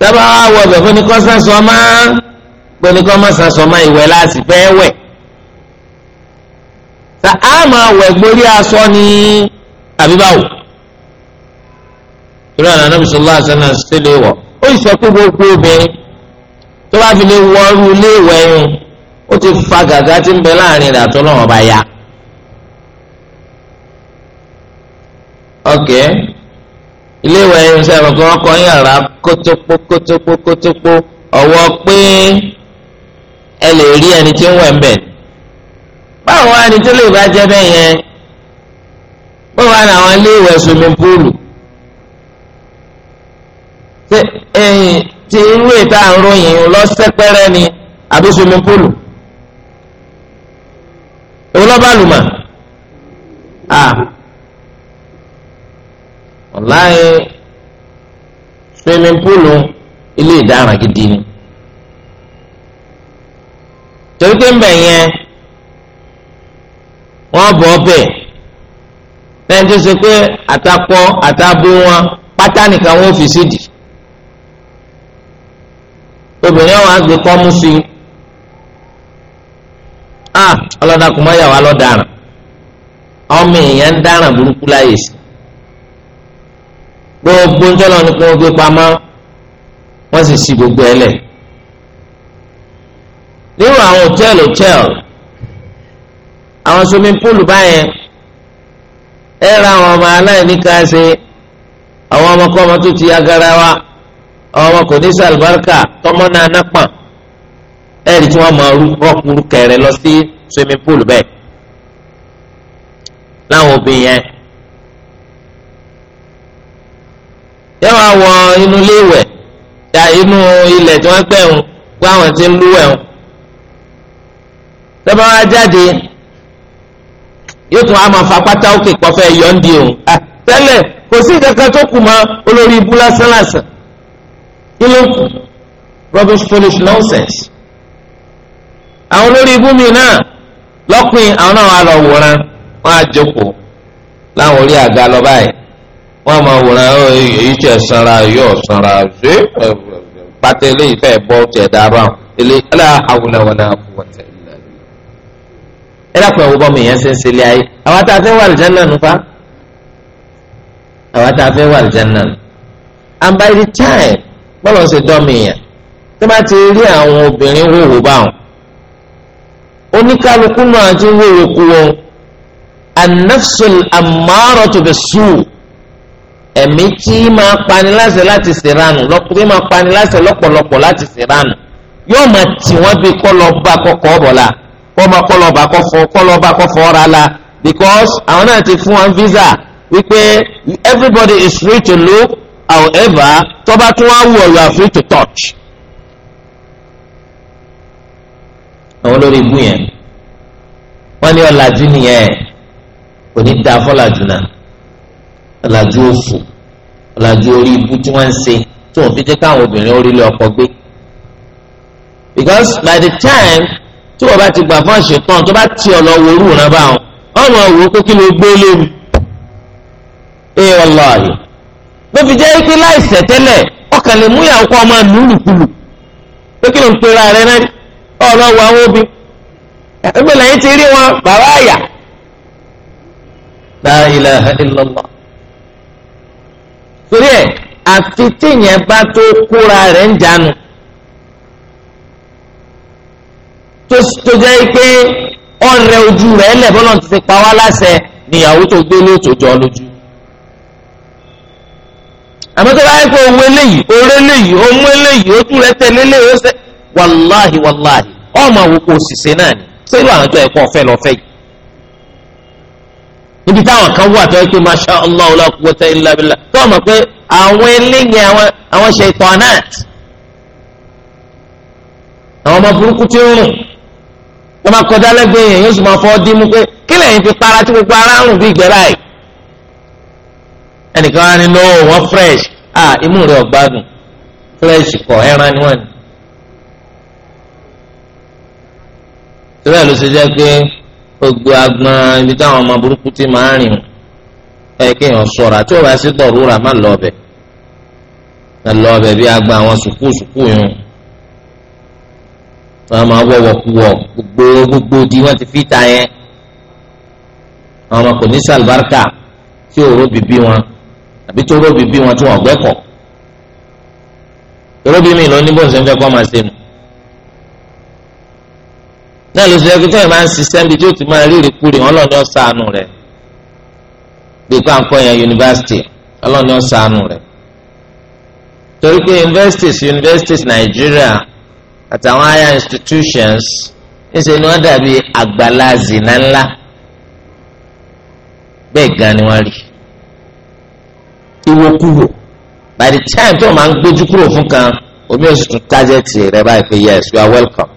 A: sábà wọ ọbẹ̀ fún ni kọ́ sásọ máa pé ni kọ́ máa sásọ máa ìwẹ̀ láti fẹ́ wẹ̀ ta á máa wẹ̀ gbórí aṣọ ni tàbí báwo ìrọ̀lẹ́ anábìsọ̀lá àṣẹ náà sílẹ̀ wọ̀ ó sì sọ pé gbogbo obìnrin. tó bá fi ní wọrú ilé ó ti fa gàgà tí ń bẹ láàrin rẹ̀ àtọ́ lọ́wọ́ bá yá. ok ilé sẹ́wọ̀n kí kọ́ yàrá kótópó kótópó kótópó ọ̀wọ́ pé ẹ lè rí ẹni tí ń wẹ̀ ń bẹ̀. báwo wá ni tó lè bá ilé swimming ti irú ètò àròyìn lọ́sẹ̀pẹ̀rẹ̀ ni àbí swimming pool olọ́bàlùmọ̀ à ọ̀láyé swimming pool ilé ìdáràn gidi ni torí pé mbẹ yẹn wọ́n bọ̀ ọbẹ̀ lẹ́yìn tó ṣe pé àtakọ àtabo wọn pátá nìkan wọ́n fi sídìí obìnrin àwọn àgbẹ̀ kọ́mú sí i a ọlọ́dà kò má yà wá lọ́daràn ọmọ èèyàn ń dáràn burúkú láyè sí gbogbo ń tọ́lọ́ ní kí wọ́n gbé pamọ́ wọ́n sì sí gbogbo ẹ̀ lẹ̀ nínú àwọn hòtẹ́ẹ̀lì hòtẹ́ẹ̀lì àwọn swimming pool báyẹn ẹ ra àwọn ọmọ aláìníkàá ṣe àwọn ọmọkọ́mọ tó ti yá gara wa ọmọ kò ní sí àlùbáríkà tọmọ náà nápà ẹ̀rí tí wọ́n máa rọ́kùnrú kẹrẹ lọ sí swimming pool bẹ́ẹ̀ láwọn obìnrin yẹn. yẹ́n wá wọ inú ilé ìwẹ̀ da inú ilẹ̀ tí wọ́n gbẹ̀ ń gbọ́ àwọn tí ń lúwẹ̀ ń. tọ́ba wa jáde yóò tún wá máa fa pátá òkè kọfẹ́ yọ̀ǹdì òun. Ah, tẹ́lẹ̀ kò sí kankan tó kù mọ́ olórí ibú lásán lásán kí ló rubbish foolish nonsense àwọn olórí ibú mi náà lọ́pìn àwọn náà wà lọ wòran wọ́n á jókòó láwọn orí àga lọ báyìí wọ́n máa wòran èyí tí ẹ sanra yóò sanra ṣé pátá eléyìí fẹ́ bọ́ tiẹ̀ dábàá ilé ẹlẹ àwọn ẹwọn àkùwọtẹ ẹ dàpọ̀ ẹ̀wọ́ bọ́mọ èèyàn ṣe ń ṣe ilé ayé àwa tá a fẹ́ wà lìjánà nù fa àwa tá a fẹ́ wà lìjánà nù and by the time bọ́lọ̀ ṣe dọ́mi yẹn tí wọ́n ti rí àwọn obìnrin wòwò báwọn oníkálukú náà ti wòwò kú wọn anafsul amaro to be suu ẹ̀mí tí máa pani láṣẹ láti ṣèrànù tí máa pani láṣẹ lọ́pọ̀lọpọ̀ láti ṣèrànù yóò máa tì wọ́n bí kọ́lọ́ba kọ́kọ́ bọ̀la kọ́ máa kọ́lọ́ba kọ́lọ́ba kọ́fọ́ ọ̀ra la because àwọn náà ti fún wọn visa wípé everybody is free to look however tó bá tún wá wù ọ́ you to touch. àwọn olórí ibú yẹn wọ́n ní ọ̀làjú nìyẹn kò ní da fọ́làjú náà ọ̀làjú òfò ọ̀làjú orí ibú tí wọ́n ń ṣe tó ń fi jẹ́ káwọn obìnrin orílẹ̀ ọkọ gbé because by the time tí wọ́n bá ti gbà fún àṣetán tó bá ti ọ̀nà wo orú ìran bá wọn ọ̀nà wo kó kí ló gbé léwu ẹ ọlọ́ọ̀yẹ ló fi jẹ́ pé láìsẹ̀ tẹ́lẹ̀ ọkàn lè mú ìyàwó kọ́ ọmọ lùlùkulù pé kí ló ń pera rẹ náà ọ̀rọ̀ wọ àwọn obì ẹgbẹ́ lẹ́yìn ti rí wọn bàbá àyà la ilaha illallah torí ẹ̀ àfi tíyẹn bá tó kóra rẹ̀ ń jánu tó jẹ́ pé ọ̀rẹ́ ojú rẹ̀ lẹ̀ bọ́lá ti ti pa wá láṣẹ níyàwó tó gbé lóòótọ́ jọ lójú àmọ́ tó bá yẹ kó owó eléyìí oré eléyìí omú eléyìí ojú rẹ tẹ̀lé eléyìí ó sẹ́ wàláhì wàláhì ọmọ àwọn kò ṣìṣe náà ni sẹ́lú àwọn àjọ ẹ̀kọ́ ọ̀fẹ́ lọ́fẹ́ yìí. níbi táwọn kan wà tó yẹ pé masha allah la quwwata illa billah tó ọmọ pé àwọn eléyìí àwọn ṣe ìtọ́ náà àwọn ọmọ burúkú tí ń rùn wọ́n máa kọjá lẹ́gbẹ̀ẹ́ yẹn yóò sì máa fọ́ dín mú pé kí lẹ́yìn fi para tí gbogbo ara rùn bí ìgbẹ́ báyìí ẹnìkan á ní lọ́wọ́ wọn fresh ah imú rẹ̀ ọ̀gbádùn fresh kọ̀ ẹran ni wọ́n ni. síbẹ̀ ló ṣe jẹ́ pé gbogbo agbọn ibi táwọn ọmọ burúkú ti máa ń rìn ẹ kéèyàn ṣọ́ra tí ó bá sí dọ̀rúra má lọ ọbẹ̀ má lọ ọbẹ̀ bí agbọn àwọn sùkúù sùkúù yẹn wọn máa wọwọ kúwọ gbogbo gbogbo di wọn ti fi ta yẹn àwọn ọmọ kò ní sàlùbáríkà tí òró bìbí wọn àbí tó róbi bí wọn tí wọn gbẹ́kọ̀ róbi mi ló ní bó ń sẹ́ńfẹ́ kọ́ máa ṣe nù. náà ló ṣe ẹgbẹ́ tó yẹn máa ń ṣiṣẹ́ níbi tí ó ti máa rírí kúrì wọn lọ́ọ́ ní ọ̀sánù rẹ̀ bí kò yẹn yunifásitì ọlọ́ọ́ ní ọ̀sánù rẹ̀ torí pé universities universities Nigeria àtàwọn higher institutions níṣẹ́ ni wọ́n dàbí àgbàlá zina ńlá bẹ́ẹ̀ gan ni wọ́n rí ìwòkuwò by the time tí o máa ń gbójú kúrò fún kan omi oṣù tún tájẹ́tì rẹ báyìí pé yes you are welcome.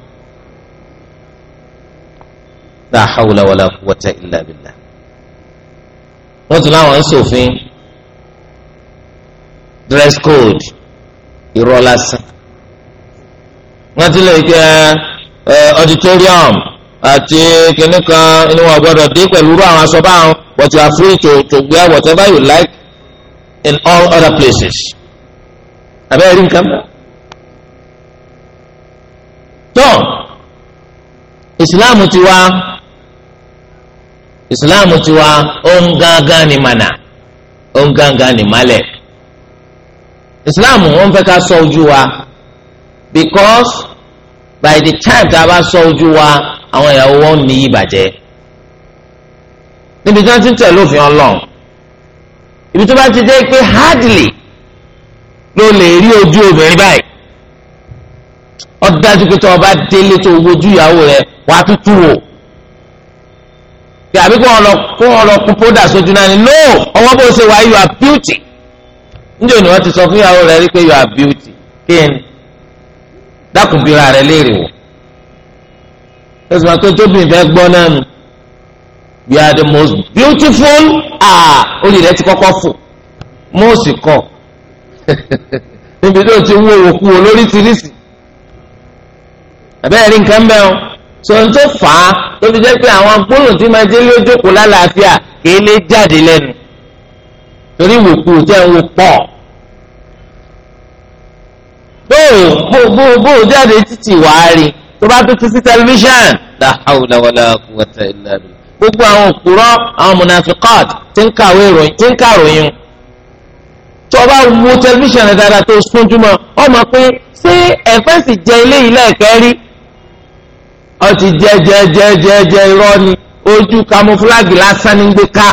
A: la hawla wala quwwata illa billah. wọ́n tún láwọn ń ṣòfin dress code irọ́ lásán. wọ́n tún lè jẹ́ auditorium àti kìnnìkan inú wọn gbọ́dọ̀ dé pẹ̀lú irú àwọn aṣọ báwọn but you are free to to wear whatever you like in all other places abẹ́ rí nǹkan bá tó ìsìláàmù ti wá ìsìláàmù ti wá òun gángan ni mànà òun gángan ni màlẹ̀ ìsìláàmù wọn fẹ́ ká ṣọ́ ojú wa because by the time tá a bá ṣọ́ ojú wa àwọn ìyàwó wọn ní ìbàjẹ́ níbi tí wọ́n ti ń tẹ̀ lófin ọlọ́run ibi tó bá ti jẹ́ pé hardly ló lè rí ojú obìnrin báyìí ó dájú pé tó o bá délé tó wojú ìyàwó rẹ wàá tútù wò tàbí kó wọn lọ kó wọn lọ kún pódà sójú náà ni no ọwọ́ bó ṣe wà you are beauty níjẹ́ ni wọ́n ti sọ fún ìyàwó rẹ rí pé you are beauty kí ni dákùnbíra rẹ léèrè wò ẹ̀sùn àti tóbi ìfẹ́ gbọ́ náà nù you are the most beautiful ah olè rẹ ti kọ́kọ́ fò mọ́ọ̀sì kọ́ níbi tó ti wú òkú olórí tìrìsì àbẹ́rẹ́ rí nǹkan bẹ́ẹ̀ o sọ̀rọ̀ tó fà á tó fi jẹ́ pé àwọn gbólóhùn tí máa jẹ́ lójókòó lálàáfíà kìí lè jáde lẹ́nu torí wòkú tẹ́ ń wò pọ̀ bóò bóò bóò bóò jáde títì wàá rí tó bá tó ti sí tẹlifíṣàn la hawla wala quwwata illa billah gbogbo àwọn òpùrọ́ àwọn munafikọ́t ti ń kàwé ìròyìn ti ń kàròyìn tó o bá wo tẹlifíṣàn rẹ dáadáa tó o súnjúmọ́ ọ mọ̀ pé ṣé ẹ̀fẹ́sì jẹ ilé yìí lẹ́ẹ̀kẹ́ rí ọ ti jẹ jẹ jẹ jẹ jẹ irọ́ ni ojú kamufúlágì lásán ní gbé ká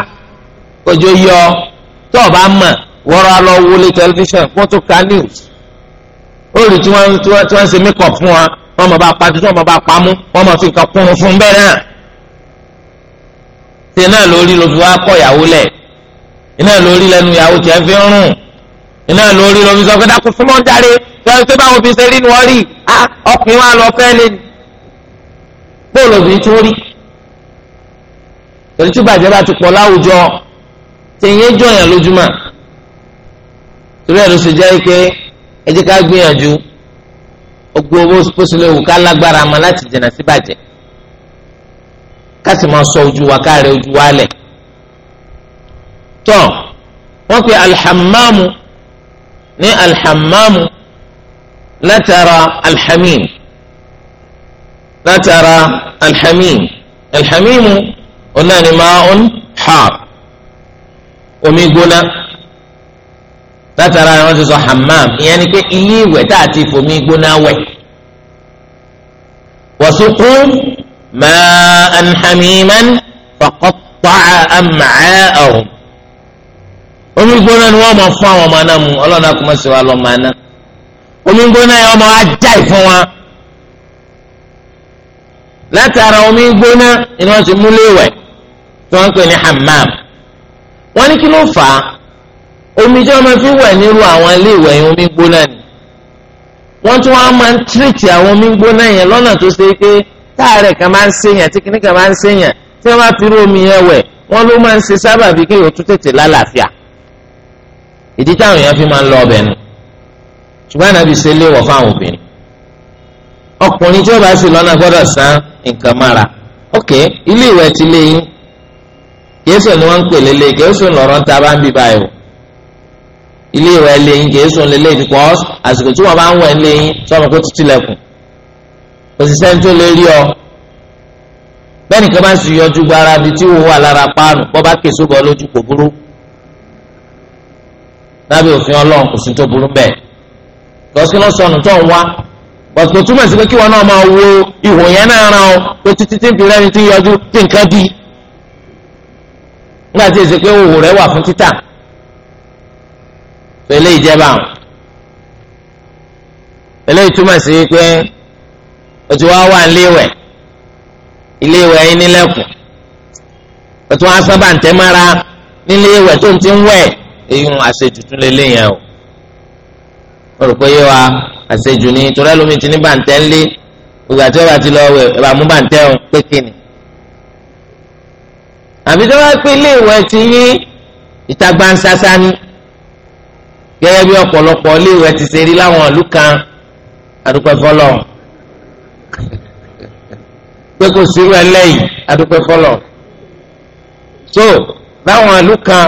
A: kọjọ yọ
B: tó o bá mọ̀ wọ́rọ̀ lọ wọlé
A: tẹlifíṣàn fún tó ka news ó rí tí wọ́n ń ṣe make up fún wa wọ́n mọ̀ bá pa tí wọ́n mọ̀ bá pamú wọ́n mọ̀ fi nǹkan kún un fún bẹ́ẹ̀ náà ṣe náà lórí ló fi wá kọ ìyàwó lẹ̀ iná lórí lẹ́nu ìyàwó tiẹ̀ fi ń rùn iná lórí ló fi sọ pé dákú súnmọ́ ń jáde lọ́wọ́ tó báwọn fi ṣe rí ni wọ́n rí ọkùnrin wa lọ fẹ́ ni bóòlù òbí tó rí torí tí bàjẹ́ bá ti pọ̀ láwùjọ tẹ̀yìn ẹjọ́ yẹn lójúmọ́ torí ẹ̀ ló ṣe jẹ́ pé ẹ jẹ́ ká gbìyànjú ogun owó pósìlẹ̀ òwú ká lágbára mọ́ láti jẹ̀nà sí bàjẹ́ láti máa sọ ojú wa káàrẹ ojú wa lẹ̀ tọ́ wọ́n pe alhamamu ní alhamamu látara alhamim látara alhamim alhamimu ọ̀nà ni maun har omi gbóná látara ni wọ́n ti sọ hamam ìyẹn ni pé iye ìwẹ̀ tá a ti fomi gbóná wẹ̀ wọ́n sọ kún. ماء حميما فقطع أمعاءهم omi a ni wọ́n máa fún àwọn ọmọ náà mu Ọlọ́run náà kò mọ sí wa lọ máa ná omi ya ọ ma máa ajá ìfún omi ni wọ́n ti omi tí fi wẹ nírú àwọn iléèwẹ̀ omi gbóná ni tún máa omi gbóná yẹn tó táàrẹ̀ kan máa ń ṣèyàn tí kìnnì kan máa ń ṣèyàn tí wọ́n máa fi rú omi yẹn wẹ̀ wọ́n ló máa ń ṣe sábà bí kéèyàn tún tètè lálàáfíà ìdí táwọn èèyàn fi máa ń lọ ọbẹ̀ nu ṣùgbọ́n ànábì ṣe léèwọ̀ fáwọn obìnrin ọkùnrin tí ó bá sì lọ́nà gbọ́dọ̀ san nǹkan mára ok ilé ìwẹ̀ ti lé yín kìíṣe ni wọ́n ń pè lélẹ̀ kìíṣe lọ́rọ́ ń ta bá ń bì báyìí o ilé ìwẹ̀ lé yín kìíṣe lélẹ̀ because àsìkò tí wọ́n bá ń wẹ̀ lé yín sọ́mọ́ kó ti òṣìṣẹ́ tó lè rí ọ bẹ́ẹ̀ nìkan bá ń sì yọjú gba ara bíi tí wò wà lára páànù bọ́ bá kèso bọ́ lójú kò burú lábẹ́ òfin ọlọ́run kò sí tó burú bẹ́ẹ̀ lọ́sí lọ́sọ̀nù tó ń wá bọ̀sùkò túmọ̀ sí pé kí wọn náà máa wo ihò yẹn náà ran ọ pé títí tí ń fi rẹ́ni tí yọjú tí nǹkan bí nígbà tí èsì pé òwò rẹ wà fún títà pẹ̀lẹ́ ìjẹba eléyìí túmọ̀ sí pé o ti wá wà níléèwẹ̀ iléèwẹ̀ yín nílẹ̀kùn o ti wá sábà ń tẹ́ mọ́ra níléèwẹ̀ tó ń ti ń wẹ̀ èyí ń àṣejù tún lélẹ̀ yẹn o o rò pé yé wa àṣejù ni torí ẹlòmíì ti ní bàǹtẹ́ ńlé ìgbà tí wọ́n bá ti lọ wẹ̀ ẹ̀ bá mú bàǹtẹ́ ọ̀hún pé kíni àbí tí wọ́n pé iléèwẹ̀ ti yín ìta gbansasa ni gẹ́gẹ́ bí ọ̀pọ̀lọpọ̀ iléèwẹ̀ ti ṣe rí láwọn ìlú kan adúpẹ́ fọlọ́ọ̀ pé kò sírú ẹlẹ́yìn adúpẹ́ fọlọ́ so báwọn ìlú kan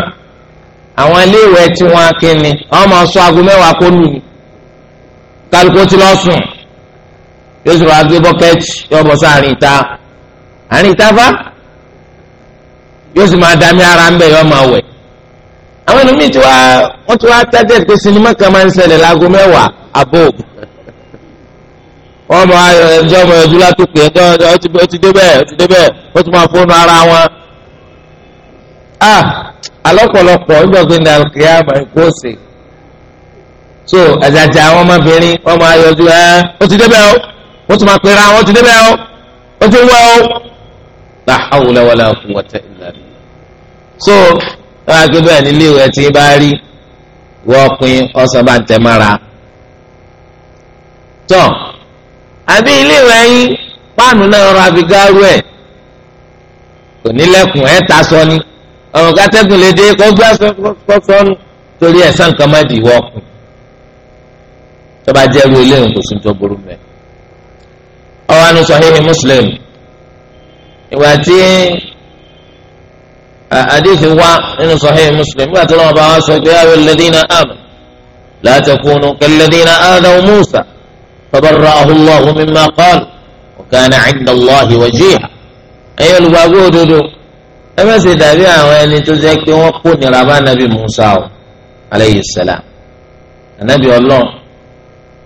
A: àwọn iléèwé tí wọ́n á kíni wọ́n máa sọ aago mẹ́wàá kó lù ní kálukú tí lọ́ọ́ sùn yóò sọ̀rọ̀ àgbé bọ́kẹ́tì yóò bọ̀ sáàrin ìta àárín ìta bá yóò sì máa dami ara ń bẹ̀ yóò máa wẹ̀ àwọn ẹlòmíì tí wọ́n ti wá tájẹ́ pé sinimá kan máa ń ṣẹlẹ̀ láago mẹ́wàá àbọ̀ wọ́n mọ ayọ̀ ẹnjọ́ ọmọ ẹ̀dú látòkè ẹjọ́ ọ ti dé bẹ́ẹ̀ ọ ti dé bẹ́ẹ̀ ó tún máa fóònù ara wọn. a ah, ń jọ̀gbìn ní alùkìyàmọ̀ ẹ̀kọ́ ọ̀sẹ̀ so àjàjà àwọn ọmọbìnrin wọ́n mọ ayọ̀ ẹ̀dú ẹ̀ ó ti dé bẹ́ẹ̀ ó ó tún máa pè ra wọn ó ti dé bẹ́ẹ̀ ó ó tún wẹ́ ó. la hawla wala quwwata illa billah. so wọ́n á gbé bẹ́ẹ̀ nílé ìwẹ̀ tí bá rí wọ́n pin ọ̀sán àbí ilé ìwẹ̀ yín páànù náà rọra ẹ̀ kò ní ta sọ ni ọmọ kátẹ́gùn lè dé kó gbé aṣọ torí ẹ̀ sàn kan má di ìwọ ọkùn ilé ìwọ̀n kò sí tó burú mẹ́. ọwọ́ Muslim ìwà tí àdéhùn wá nínú Muslim ìwà tí wọ́n bá wá sọ pé àwọn فبرأه الله مما قال وكان عند الله وجيها أيها الواقود ẹ má ṣe dàbí àwọn ẹni tó jẹ́ pé wọ́n kó nira bá nàbì Musa o aleyhi salam ànábì Ọlọ́run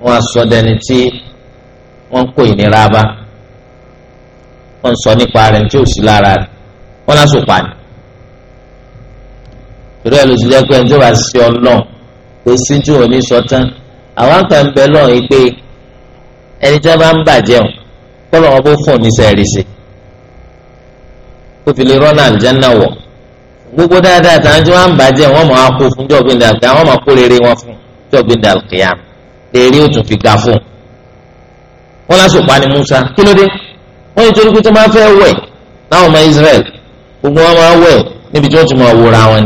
A: wọ́n aṣọ dẹni tí wọ́n kó ìnira bá wọ́n sọ nípa rẹ̀ tí ò sí lára rẹ̀ wọ́n lásò pàdé torí ẹ̀ ló ti jẹ́ pé ẹni tó bá ṣe Ọlọ́run kò sí tí ò ní sọ tán àwọn kan bẹ lọ́run yìí pé ẹni tí wọ́n bá ń bàjẹ́ o kọ́lọ̀ wọn bó fún ní sẹ́ẹ̀rì sí kó fi lè rọ́nà àlùjáná wọ̀ gbogbo dáadáa tí wọ́n ti wọ́n bàjẹ́ wọ́n máa kó fún jọ̀gbìn dàlùkìyà wọ́n máa kó rere wọn fún jọ̀gbìn dàlùkìyà rere ó tún fi ga fún wọn lásòpá ni Musa kí ló dé wọ́n yìí torí pé tó máa fẹ́ wẹ̀ láwọn ọmọ Israel gbogbo wọn máa wẹ̀ níbi tí wọ́n ti máa wòra wọn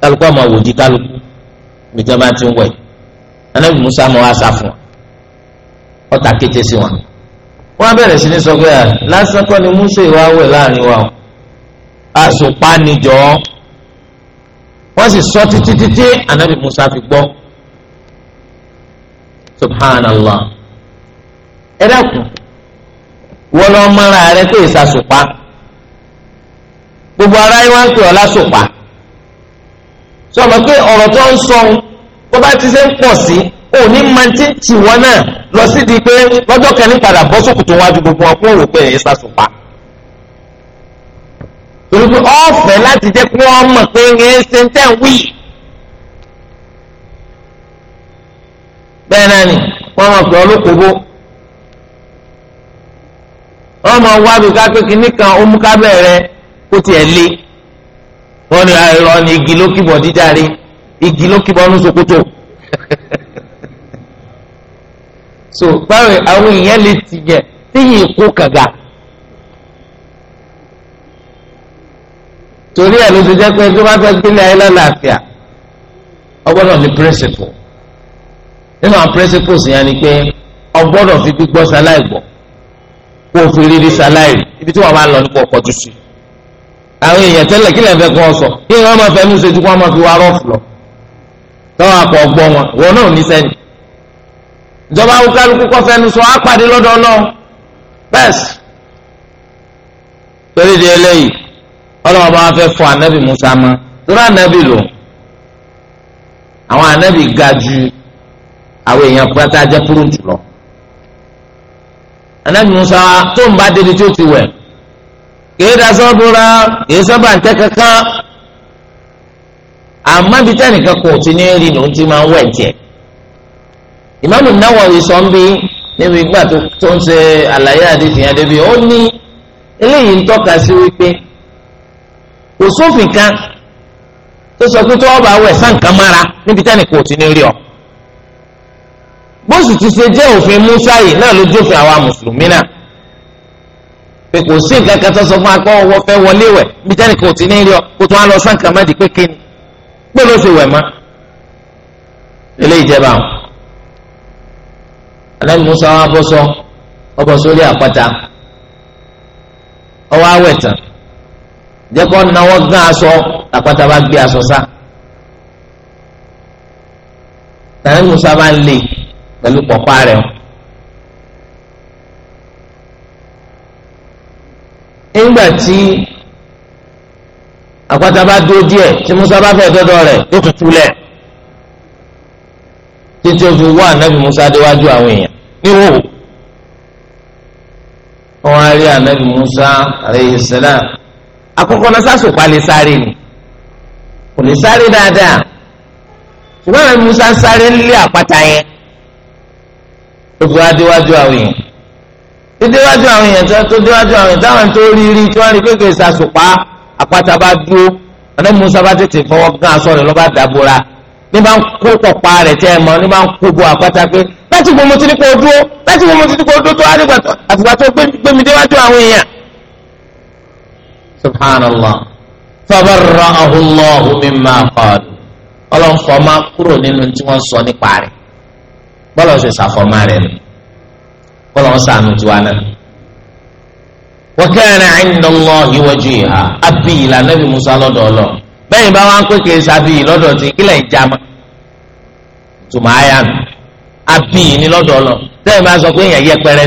A: ni kálukú àmọ́ àwòdì kálukú níbi tí wọ́n bá ti ń wẹ̀ Musa máa wá sá fún wọn ọ̀tà kété sí wọn. wọ́n bẹ̀rẹ̀ sí ní sọ pé lásán kọ́ ni Musa ìwà wẹ̀ láàrin wa àsùpá níjọ́ wọ́n sì sọ títí títí ànábì Musa fi gbọ́ subhanallah ẹ dẹ́kun wọ́n lọ mọ́ra rẹ pé ìsàsùpá gbogbo ara yín wá ń pè ọ́ lásùpá sọ ma pé ọ̀rọ̀ tó ń sọ bó bá ti ṣe ń pọ̀ sí i òní máa ti ń tì wọ́n náà lọ sí di pé lọ́jọ́ kẹ́ni padà bọ́ sókòtò wájú gbogbo wọn fún òròpé ẹ̀yẹ sàṣùpá. torí pé ọ̀fẹ́ láti jẹ́ kí wọ́n mọ̀ pé ẹ̀yẹ ṣe ń tẹ̀ wí. bẹ́ẹ̀ náà ni wọ́n mọ̀ pé olókòwò wọ́n mọ̀ wá bí kápẹ́ kínní kan ó mú kábẹ́ rẹ kó tiẹ̀ lé wọ́n ní àìrọ́ ah, ni igi ló kíbọ̀ igi ló kíbọ̀ so báwo àwọn èèyàn lè tìyẹ tíyìn kú kàga. torí ẹ̀ ló ti jẹ́ pé tó bá fẹ́ gbélé ayé lálàáfíà ọgbọ́dọ̀ ní principle nínú àwọn principles yẹn ni pé ọgbọ́dọ̀ fi gbígbọ́ sáláì gbọ́ kó o fi rírí sáláì rí ibi tí wọ́n bá ń lọ nípa ọkọ̀ tuntun àwọn èèyàn tẹ́lẹ̀ kí lẹ́ẹ̀fẹ́ kan sọ kí wọ́n máa fẹ́ mú sojú kí wọ́n máa fi wá rọ́ọ̀fù lọ tọ́wọ́ àpọ̀ ọgbọ́ wọn wọn náà ní sẹ́ni ìjọba awukaluku kọfẹ nu sọ apàdé lọ́dọ̀ Ọlọ́run bẹ́ẹ̀sì torí di eléyìí Ọlọ́run bá wọn fẹ́ fọ anabi Musa mọ́ torí anabi lò àwọn anabi ga ju àwọn èèyàn pátá jẹ kúrú jùlọ anabi Musa tó ń bá débi tó ti wẹ̀ kìí dasọ́ bóra kìí sábà ń kankan àmọ́ bíi kò tí ní rí ni ó ti máa ń wẹ̀ tiẹ̀ ìmáàmù Nawawi sọ ń bí níbi ìgbà tó ń ṣe àlàyé àdéhùn yẹn débi ó ní eléyìí ń tọ́ka sí wípé kò sófin kan tó sọ pé tó ọba wẹ̀ sáǹkà mára níbi tẹ́nì kò tí ní rí ọ. bóṣù ti ṣe jẹ́ òfin Musa yìí náà ló jófin àwa mùsùlùmí náà pé kò sí nǹkan kan tó sọ fún akọ́ ọwọ́ fẹ́ wọlé wẹ̀ níbi tẹ́nì kò tí ní rí ọ kó tó wá lọ sáǹkà má pé kíni gbọ́dọ̀ ṣe wẹ̀ mọ́ eléyìí jẹ́ báwọn anabi musa wọn abọsọ ọbọ sórí àpáta ọwọ awẹ tán jẹkọ náwó gán aṣọ àpáta bá gbé aṣọ sá anabi musa bá ń lè pẹ̀lú pọpá rẹ o. nígbà tí àpáta bá dúró díẹ̀ tí musa bá fẹ́ dọdọ rẹ̀ yóò tutù lẹ títí o fi wá ànábì Musa déwájú àwọn èèyàn níwò wọn á rí ànábì Musa alayhi salam àkọ́kọ́ náà sásùpá lè sáré ni kò lè sáré dáadáa ṣùgbọ́n ànábì Musa sáré nílé àpáta yẹn o fi wá déwájú àwọn èèyàn dídéwájú àwọn èèyàn tó déwájú àwọn èèyàn táwọn tó rí rí tí wọ́n rí kékeré sásùpá àpáta bá dúró ànábì Musa bá tètè fọwọ́ gán aṣọ rẹ̀ lọ́ba dàbúra ní bá ń kó pọ̀pá rẹ̀ tẹ́ ẹ mọ̀ ní bá ń kó bo àpáta pé láti gbọ́ mo ti ní kó dúró láti gbọ́ mo ti ní kó dúró tó àdìgbà tó àfìgbà tó gbé mi déwájú àwọn èèyàn. subhanallah tabarra'ahu Allahu mimma qalu ọlọ́nfọ̀ọ́má kúrò nínú tí wọ́n sọ nípa rẹ̀ bọ́lá ọ̀sẹ̀ sàfọ̀má rẹ̀ nù bọ́lá ọ̀sẹ̀ àánú tiwa náà. wa kana 'inda Allahi wajiha àbí ìlànà bí musa lọ́dọ̀ ọlọ́run Bẹ́ẹ̀ bá wọn pé kìí sábìyì lọ́dọ̀ tí kílẹ̀ ń jama tùmọ̀ àyà nù abìyì ni lọ́dọ̀ lọ sẹ́yìn bá sọ pé ni kí lẹ̀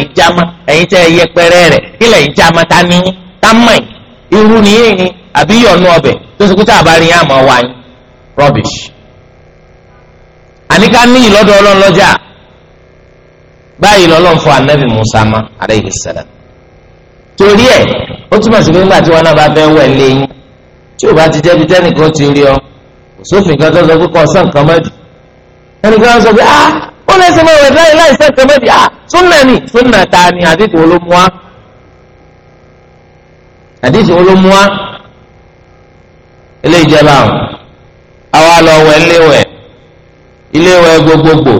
A: ń jama ẹ̀yin tẹ́ yẹpẹrẹ rẹ̀ kílẹ̀ ń jama ta ní tá mọ̀ irú ni yéé ni àbí yọ̀nù ọbẹ̀ tó sọ pé tá a bá rí yẹn àmọ́ wá yín rubbish. àníká níyì lọ́dọ̀ ọlọ́run lọ́jà báyìí lọ́lọ́run fún anabi Musa ma aleyhi torí ẹ̀ ó túmọ̀ sí pé tí wọn náà bá fẹ́ wẹ̀ lé tí o bá ti jẹ́bi tẹ́nìkan ti rí ọ kò sófin kan tó sọ pé kò sàn kan mọ́dì ẹnìkan sọ pé ah ó lè ṣe mọ̀wé láì láì sàn kan ah súnà ni súnà ta ni àdìsí wo ló mú wa àdìsí wo ló mú wa ilé ìjẹba àwọn àwa lọ wẹ̀ ńléwẹ̀ iléwẹ̀ gbogbogbò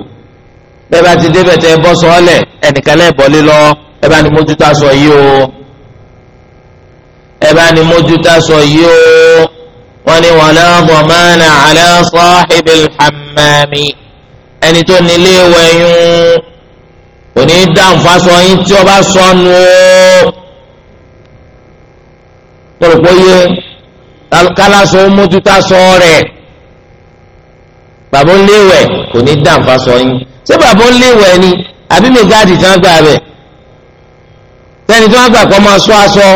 A: bẹ́ẹ̀ bá ti débẹ̀ tẹ́ bọ́ sọ́ọ́lẹ̀ ẹnìkan lẹ́ẹ̀bọ́lé lọ ẹ bá ní mójútó aṣọ yìí o ẹ bá ní mójútá sọ yìí o wọn ní wala dhamana ala sahibil hammami ẹni tó nílé wẹ̀yún kò ní dáǹfà sọ yín tí ọba sọnù o tọrọpọ yẹ kálá sọ mójútá sọ rẹ bàbá ńléwẹ̀ kò ní dáǹfà sọ yín ṣé bàbá ńléwẹ̀ ni àbí mẹgáàdì tí wọn gbà bẹ sẹni tí wọn gbà kọ́ máa sọ aṣọ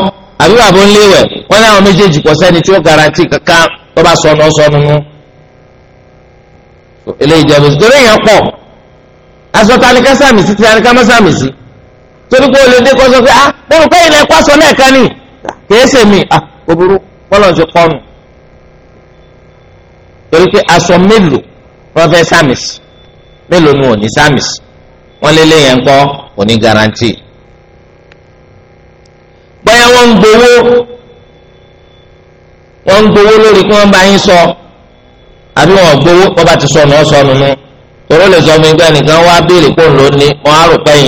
A: àbí bàbá ń léwẹ̀ wọ́n ní àwọn méjèèjì kò sẹ́ni tí ó garanti kankan tó bá sọnù ọ̀sọ́nù nù. eléyìí jẹ́ bó torí èèyàn pọ̀ aṣọ tanika sàmì sí tanika má sàmì sí torí pé olè dé kọ́ sọ pé ah bọ́lú kẹ́yìn náà kọ́ sọ lẹ́ẹ̀kan ni kìí ṣe mi ah kò burú bọ́lọ̀ ti pọ̀ nù. torí pé aṣọ mélòó wọ́n fẹ́ sàmì sí mélòó ni ò sàmì sí wọ́n lé léyìn ńkọ́ òní garanti. wọn wọ́n ń gbowó wọ́n ń gbowó lórí kí wọ́n bá yín sọ àbí wọ́n gbowó wọ́n bá ti sọnù ọ̀sọ̀nù tòró lè sọ nìkan wá béèrè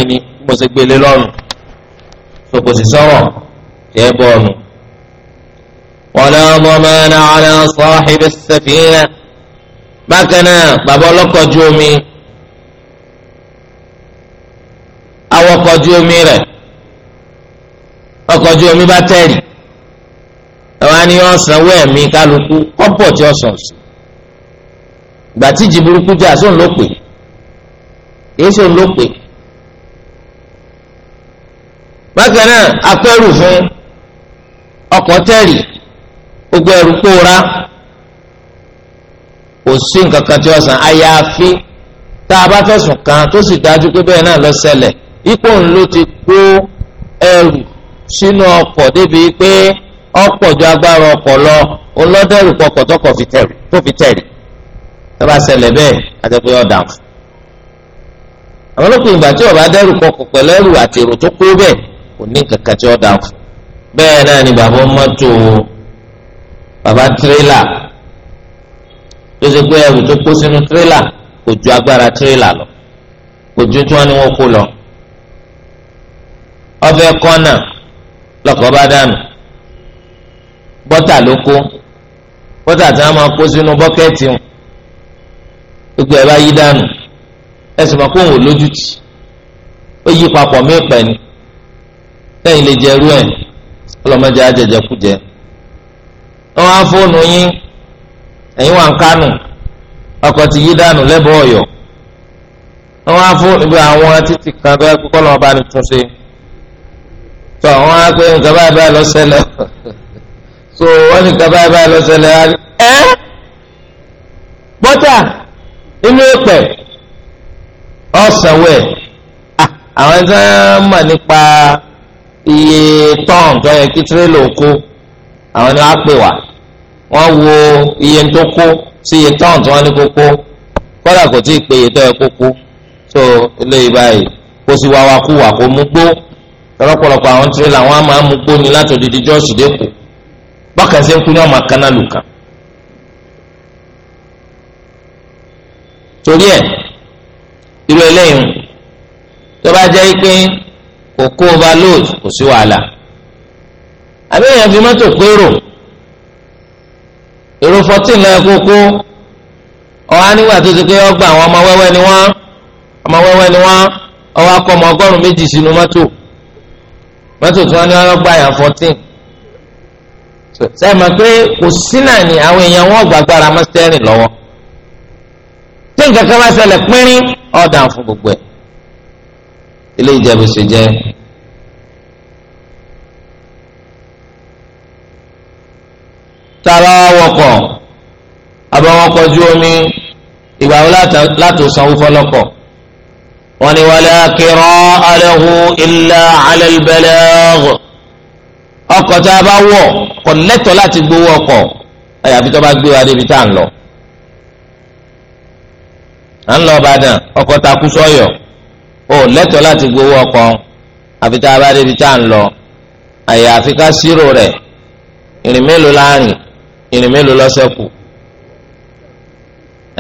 A: ní ni mo sì gbélé e kò sì sọ̀rọ̀ bákan náà ọkọ̀ ojú omi bá tẹ̀rì ẹ̀wọ̀n á ní ọ̀sánwó ẹ̀mí kálukú kọ́pọ̀ tí ọ̀sán sí ìgbà tí ìjì burúkú jà sóun ló pè kìí sóun ló pè bákan náà akẹ́rù fún ọkọ̀ tẹ̀rì gbogbo ẹrù kóra kò sí nǹkan kan tí ọ̀sán àyàfi tá a bá fẹ̀sùn kàn tó sì dájú pé bẹ́ẹ̀ náà ló ṣẹlẹ̀ ipò ń ti kó ẹrù sínú ọkọ̀ débi pé ọ̀pọ̀ ju agbára ọkọ̀ lọ olọ́dẹ̀rù pọkọ̀ tọkọ̀ tó fi tẹ̀rì tó bá ṣẹlẹ̀ bẹ́ẹ̀ àtẹ̀pẹ́ ọ̀dà fún. àwọn olókùn ìgbà tí ọba dẹ́rù pọkọ̀ pẹ̀lú ẹrù àti èrò tó kó bẹ́ẹ̀ kò ní kankan tí ọ̀dà fún. bẹ́ẹ̀ náà ni bàbá mọ́tò bàbá tírélà tó ṣe pé ẹrù tó kó sínú tírélà kò ju agbára tírélà lọ kò ju tí wọ́n ní wọ́n kó lọ. ọbẹ̀ kọ́nà lọ́kọ̀ bá dànù bọ́tà ló kó bọ́tà tí wọ́n máa kó sínú bọ́kẹ́ẹ̀tì wọn gbogbo ẹ̀ bá yí dànù ẹ̀sìn máa kó òun lójútì ó yí papọ̀ mí pẹ̀ ni lẹ́yìn lè jẹ irú ẹ̀ ọlọ́mọdé ajẹjẹkújẹ wọn á fóònù yín ẹ̀yin wà ń kánù ọkọ̀ ti yí dànù lẹ́bọ̀ ọ̀yọ́ wọn á fóònù bí àwọn títì kan bẹ́ẹ̀ kọ́lọ́ ọba ni túnṣe tọ wọn á pé nǹkan báyìí báyìí lọ ṣẹlẹ̀ so wọn nǹkan báyìí báyìí lọ ṣẹlẹ̀ á ẹ bọ́tà inú ẹ̀pẹ̀ ọ̀sánwó ẹ̀ àwọn ẹni mọ̀ nípa iye tọ́ọ̀n tó yẹ kí tirẹ́là kó àwọn ni wọ́n á pè wá wọ́n wo iye tó kó sí iye tọ́ọ̀n tí wọ́n ní kó kó kọ́dà kò tí ì pé iye tó yẹ kó kó so eléyìí báyìí kó sì wá wa kú wà kó mú gbó lọ́pọ̀lọpọ̀ àwọn tirẹ̀là wọn a máa mú gbóni láti odidi jọ́ọ̀sì dẹ́kù bákan ṣe ń kú ní ọmọ kaná lùkà. torí ẹ̀ irú eléyìí tó bá jẹ́ pé kò kó overload kò sí wàhálà àbẹ̀yẹn fi mọ́tò pérò èrò fourteen lọ́yẹ̀ kókó ọ̀hán nígbà tó ti pé ọgbà àwọn ọmọ wẹ́wẹ́ ni wọ́n ọmọ wẹ́wẹ́ ni wọ́n ọwọ́ akọ ọmọ ọgọ́rùn-ún méjì sínú mọ́tò mọ́tò tí wọ́n ní wọ́n gbà yàn fourteen sẹ́yìn mọ̀ pé
B: kò sí náà ni àwọn èèyàn wọn gbàgbára mọ́sítẹ́rìn lọ́wọ́
A: tí nǹkan kan bá ṣẹlẹ̀ pínrín ọ̀dà fún gbogbo ẹ̀ ilé ìjẹ̀bù ṣe jẹ́ tara wọkọ̀ àbáwọkọ̀ ju omi ìgbà wo látò sanwó fọlọ́kọ̀ wọ́n ní wàlẹ́ akérò alahu ilà alẹ́lbẹ̀lẹ́ ọkọ̀ tá a bá wọ̀ kò lẹ́tọ̀ láti gbowó ọkọ̀ àyàfi tó bá gbé wa débi tá à ń lọ. à ń lọ Ìbàdàn ọkọ̀ takú sọ́yọ̀ ó lẹ́tọ̀ láti gbowó ọkọ̀ àfi tá a bá débi tá à ń lọ àyàfi ká sírò rẹ̀ ìrìn mélòó láàrin ìrìn mélòó lọ́sẹ̀kù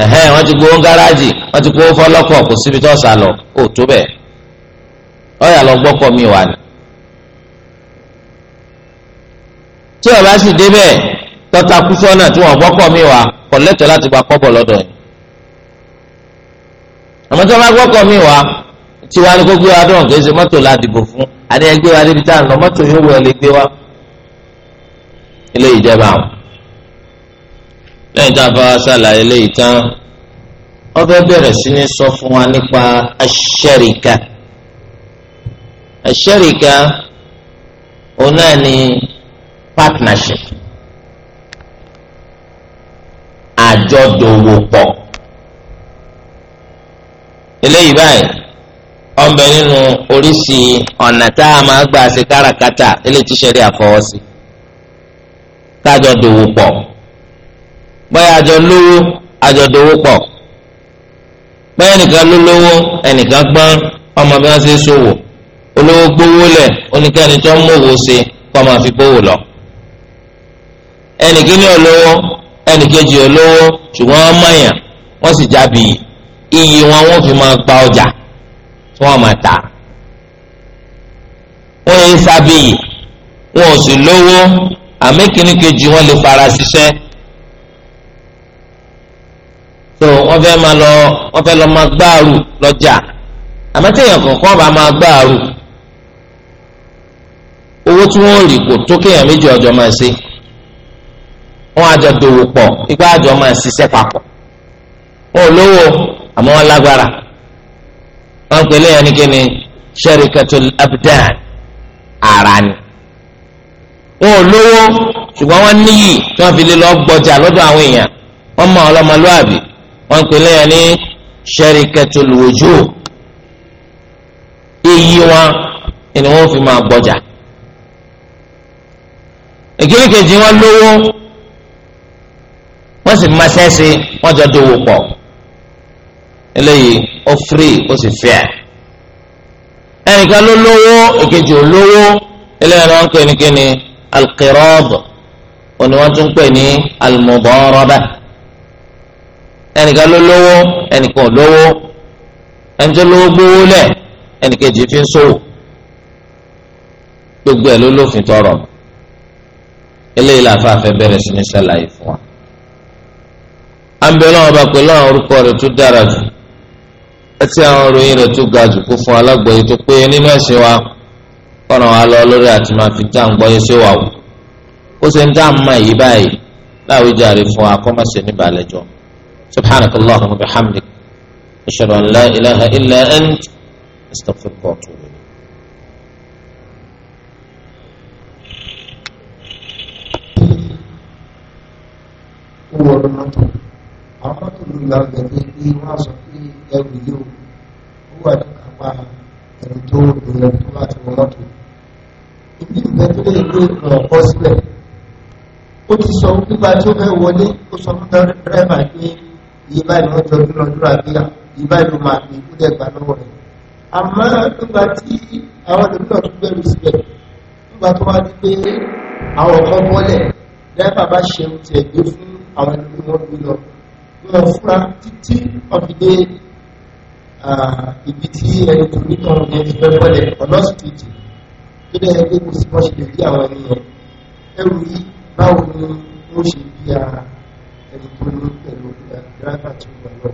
A: ẹ̀hẹ́n wọ́n ti gbowó gáràjì wọ́n ti gbowó fọlọ́kọ̀ kò síbi tó sá lọ ó tó bẹ́ẹ̀ ọ̀yà lọ gbọ́kọ̀ mi wà ní. tí ọba sì débẹ̀ tọ́ta kú sọ́nà tí wọ́n gbọ́kọ̀ mi wà kọ̀ lẹ́tọ̀ọ́ láti gba kọ́bọ̀ lọ́dọ̀ yìí. àmọ́ tí wọ́n bá gbọ́kọ̀ mi wà tí wàá ní kó gbé wa dùn kì í ṣe mọ́tò ládìbò fún adé ẹgbẹ́ wa débi tá à ń lọ yóò wọ gbé wa. ilé ìjẹba àwọn. lẹ́yìn tá a bá ṣàlàyé léyìí tán ó bẹ̀rẹ̀ sí ní sọ fún wa nípa aṣẹ́ríkà aṣẹ́ríkà òun náà ni partnership àjọdòwòpọ̀ eléyìí báyìí ọ̀nbẹ nínú oríṣi ọ̀nà tá a máa gbà ṣe káràkátà eléyìí tí sẹ́rí àfọwọ́sí kájọ dòwòpọ̀. bóyá àjọ lówó àjọ dowó pọ̀ bóyá ẹnìkan ló lówó ẹnìkan gbọ́n ọmọ bí wọ́n ṣe ṣòwò olówó gbówó lẹ̀ oníkẹ́ni tó ń mòwò ṣe kọ́ máa fi gbówó lọ. ẹnìkíní olówó ẹnìkejì olówó ṣùgbọ́n wọ́n mọ̀yàn wọ́n sì jábì iyì wọn wọ́n fi máa gba ọjà tí wọ́n máa tà. wọ́n yẹ sábì wọn ò sì lówó àmì kìnnìkejì wọn lè fara ṣiṣẹ́. so wọ́n ma máa lọ wọ́n lọ máa gbàrú lọ́jà àmọ́ téèyàn kọ̀ọ̀kan bá máa gbàrú owó tí wọ́n rì kò tó kéèyàn méjì ọjọ máa ṣe wọ́n àjọ dòwò pọ̀ igbá àjọ máa ṣiṣẹ́ papọ̀ wọn ò lówó wọn lágbára wọ́n pè léèyàn ní kíni sharikatul abdan ara ni wọn ò lówó níyì tí fi lè lọ wọ́n pè lẹ́yìn ní sharikatul wujuh iyì wọn ni wọ́n fi máa gbọ́jà ìkíni kejì wọn lówó wọ́n sì máa sẹ́sẹ́ wọ́n jọ dòwò pọ̀ eléyìí ó firi ó sì fẹ́ẹ̀ ẹnìkan ló lówó ìkejì ò lówó eléyìí wọ́n pè ní kíni òní wọ́n tún pè ní almudaraba ẹnìkan ló lówó ẹnìkan ò lówó ẹni tó lówó gbówó lẹ̀ ẹnìkejì fi ń ṣòwò gbogbo ẹ̀ ló lófin tọrọ eléyìí làfa fẹ́ bẹ̀rẹ̀ sí ní ṣàlàyé fún wa. à ń bẹ lọ́wọ́ bá pẹ̀lú àwọn orúkọ rẹ̀ tó dára jù ẹtí àwọn òròyìn rẹ̀ tó ga jù kó fún alágbọ̀yé tó péye nínú ẹ̀sìn wa kọ́nà wa lọ lórí àti máa fi tá à ń sí wa o ó ṣe ń dá àmọ́ èyí báyìí láwùjọ àrífọ́ akọ́mọ̀ṣẹ́ níbàlẹ́jọ́. سبحانك اللهم وبحمدك أشهد أن لا إله إلا أنت أستغفرك وأتوب إليك
B: owó ọdún mọ́tò àwọn mọ́tò ló gba gbẹ̀gbẹ́ pé wọ́n á sọ pé ẹrù yóò ó wà ní kápá ẹni tó bẹ̀rẹ̀ tó bá ti wọ mọ́tò. ìdí ìgbẹ́ tó lè gbé ọ̀rọ̀ kọ́ sílẹ̀ ó ti sọ wípé bá tó fẹ́ wọlé ó sọ fún dẹ́rẹ́bà pé iye báyìí wọ́n jọdún lọ́dún àbíyá iye báyìí ló máa fi ikú dẹ̀gbà lọ́wọ́ rẹ̀ àmọ́ nígbà tí àwọn ẹlòmíràn tún bẹ̀rù síbẹ̀ nígbà tó wá di pé àwọn ọ̀kan bọ́lẹ̀ dẹ́fà bá ṣe ohun tiẹ̀ gbé fún àwọn ẹlòmíràn gbé lọ wọn fúnra títí ọ̀fi dé ibi tí ẹni tó ní kan ní ẹni fẹ́ bọ́lẹ̀ ọ̀nà sì kejì tó dẹ̀ pé kò sí bọ́ ṣe lè rí àwọn ẹni ẹrù yìí báwo ni wọ́n ṣe bí ẹni tó ní ẹlòmíràn dráìbà tó gbà lọ́wọ́.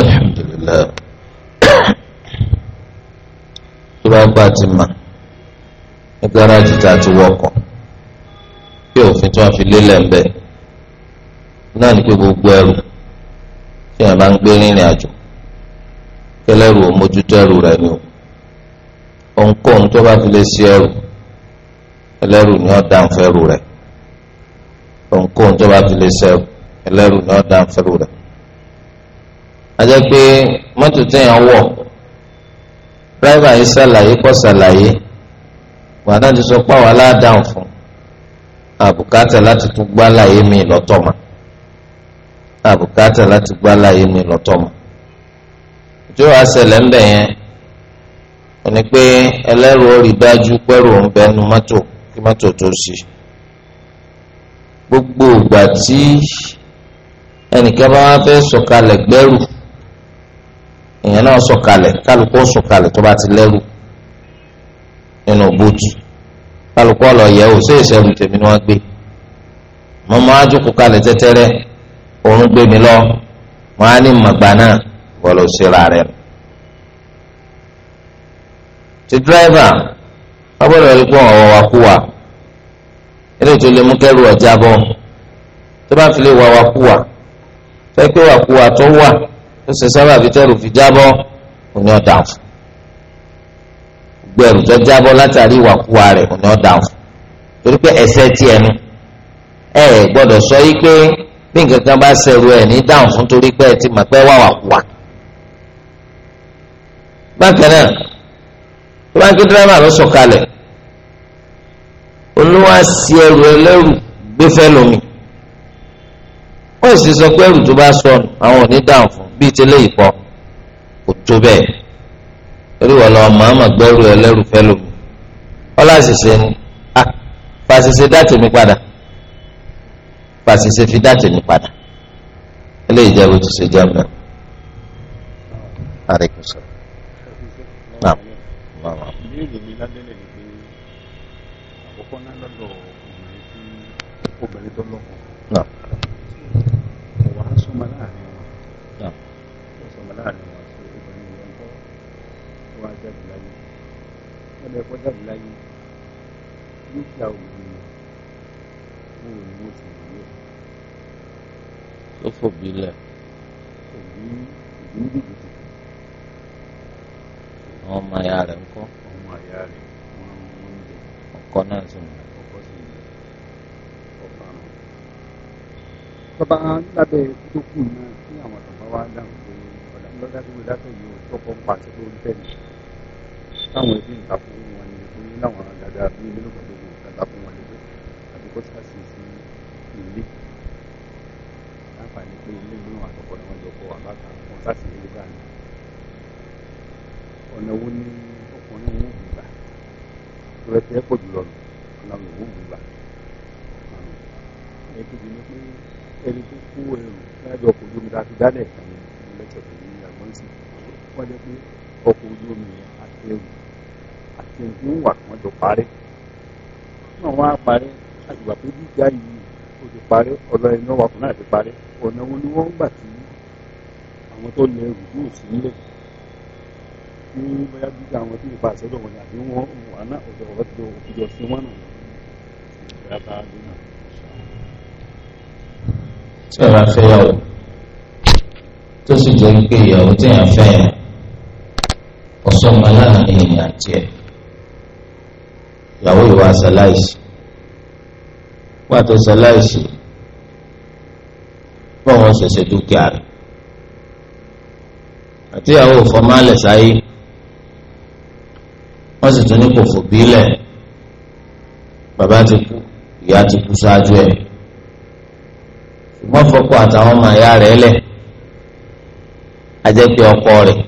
B: alhamdulilayi
A: tó bá gbà ti mà ní gáràjì tá a ti wọkọ̀ bí òfin tí wọ́n fi lélẹ̀ ń bẹ̀ náà ní pé gbogbo ẹrù tí wọ́n bá ń gbé rìnrìn àjò kẹlẹ́rù ò mójútó ẹrù rẹ̀ ni o ohunkóhun tó bá fi lè ṣe ẹrù ẹlẹ́rù ni ó dáhùn fẹ́rù rẹ̀. ohunkóhun tó bá fi lè ṣe ẹlẹ́rù náà dá rẹ̀. ajẹ́ pé mọ́tò téèyàn wọ̀ dráìvà yìí ṣàlàyé ṣàlàyé ti sọ fún àbùkátà láti tún gbá láyé mi lọ́tọ̀ mọ́ àbùkátà láti gbá láyé mi lọ́tọ̀ mọ́ àṣẹlẹ̀ yẹn ò ní pé ẹlẹ́rù ó rí dájú pẹ́rù mọ́tò kí mọ́tò tó gbogbo ìgbà tí ẹnìkan bá wá fẹ́ sọ̀kalẹ̀ gbẹ́rù èèyàn náà sọ̀kalẹ̀ kálukú sọ̀kalẹ̀ tó bá ti lẹ́rù nínú bóòtù kálukú ọ̀lọ́ yẹ ò sí ìṣẹ́gun tèmi ni wọ́n gbé mo máa jókòó kalẹ̀ tẹ́tẹ́rẹ́ òun gbé mi lọ wọ́n á ní màgbà náà wọ́n lọ síra rẹ̀. ti dírẹ́fà wọ́n gbọ́dọ̀ rí pé ọ̀wọ́ wa kú wa eléyìí tó lè mú kẹrù ọjà bọ tó bá fi lè wà wàkúwà tó yẹ pé wàkúwà tó wà tó ṣe sábà fi tẹrù fi jábọ́ òní ọ̀dà fún gbẹrù tó jábọ́ látàrí wàkúwà rẹ̀ òní ọ̀dà fún torí pé ẹsẹ̀ tiẹ̀ nu ẹ gbọ́dọ̀ sọ yìí pé bí nǹkan kan bá ṣẹrù ẹ̀ ní dáhùn fún torí pé ẹ ti mọ̀ pé wà wàkúwà bákan náà tó bá ń kí dírámà ló sọ̀kalẹ̀ olówó àṣì ẹrù ẹlẹ́rù gbé fẹ́ lómi wọ́n sì sọ pé ẹrù tó bá sọnù àwọn ò ní dáhùn fún bíi tẹ́lẹ̀ ìkọ́ kò tó bẹ́ẹ̀ torí wọ́n lọ màmá gbẹ́rù ẹlẹ́rù fẹ́ lómi ọlá àṣìṣe ni a fàṣìṣe dá tèmi padà fàṣìṣe fi dá tèmi padà eléyìí
B: jẹ́ bó ti ṣe jẹ́ mẹ́rin. Aleykum salaam. Naam. Naam. obìnrin tó lọ́kọ. kò wá sọmọ láàrin wọn kò sọmọ láàrin wọn sí obìnrin yẹn kọ́ kó wá jáde láyé wọ́n lè kọ́ jáde láyé dúkìá obìnrin yẹn wọ́n ò ní wọ́n ti wọ́n yẹ. tó lẹ̀. òbí òbí ń dìbò àwọn ọmọ àyà rẹ̀ ń kọ́ ọmọ àyà rẹ̀ ọkọ náà sì mú. tọ́ba lábẹ́ tó kù náà tí àwọn tọ́ba wá dáhùn pé ọ̀dà lọ́dá tó wọlé látọ̀ yìí ó tọ́kọ́ ń pàṣẹ tó ń tẹ̀lé táwọn ẹbí ń fún wọn ni ó ní láwọn dada bíi mílíọ̀nù gbogbo ń ta fún wọn lẹ́gbẹ́ àti kó sá sí sí ilé láǹfààní pé ilé ìlú àtọ̀kọ́ ni wọ́n jọ kọ́ àbáta wọn sá sí ilé báyìí ọ̀nà wo ni ọkùnrin wò gbà rẹpẹ́ pọ̀ jùlọ ọ̀nà wò gbà ẹ̀ẹ́dùn ni pé ẹni tó kó ẹrù lájọ ọkọ̀ ojú omi láti dálẹ̀ ìkànnì lẹ́tọ̀ tó ní àgbọ̀nsì wọ́n jẹ́ pé ọkọ̀ ojú omi àti ẹrù àti ẹrù tó ń wà kí wọ́n jọ parẹ́ náà wọ́n á parẹ́ àgbà pé jíjà yìí ó ti parẹ́ ọ̀dọ̀ ẹni wọ́n wakùn náà ti parẹ́ ọ̀nà wọn ni wọ́n gbà tí àwọn tó lẹ ẹrù yóò sí nílẹ̀ ní bóyá jíjà àwọn tí ìpa àṣẹ lọ́wọ́ ni àbí wọ́n wà náà ọ̀dọ̀ ọ̀dọ̀ òkùnjọ sí wọn náà
A: tí ẹ bá fẹ́ yàwó tó sì jẹ́ pé ìyàwó téèyàn fẹ́ yàn ọ̀sán ọmọ aláàánú èèyàn àti ẹ̀ ìyàwó ìwà sàláìsì pàtó sàláìsì bọ́wọ́n ṣẹ̀ṣẹ̀ dúkìá rẹ̀ àti ìyàwó fọmálẹ̀ sáyé wọ́n sì tún ní kò fòbílẹ̀ bàbá ti kú ìyá ti kú ṣáájú ẹ̀. wọ́n fọkọ àtàwọn ọmọ ìyá rẹ̀ lẹ̀ ajẹ́ pé ọkọ rẹ̀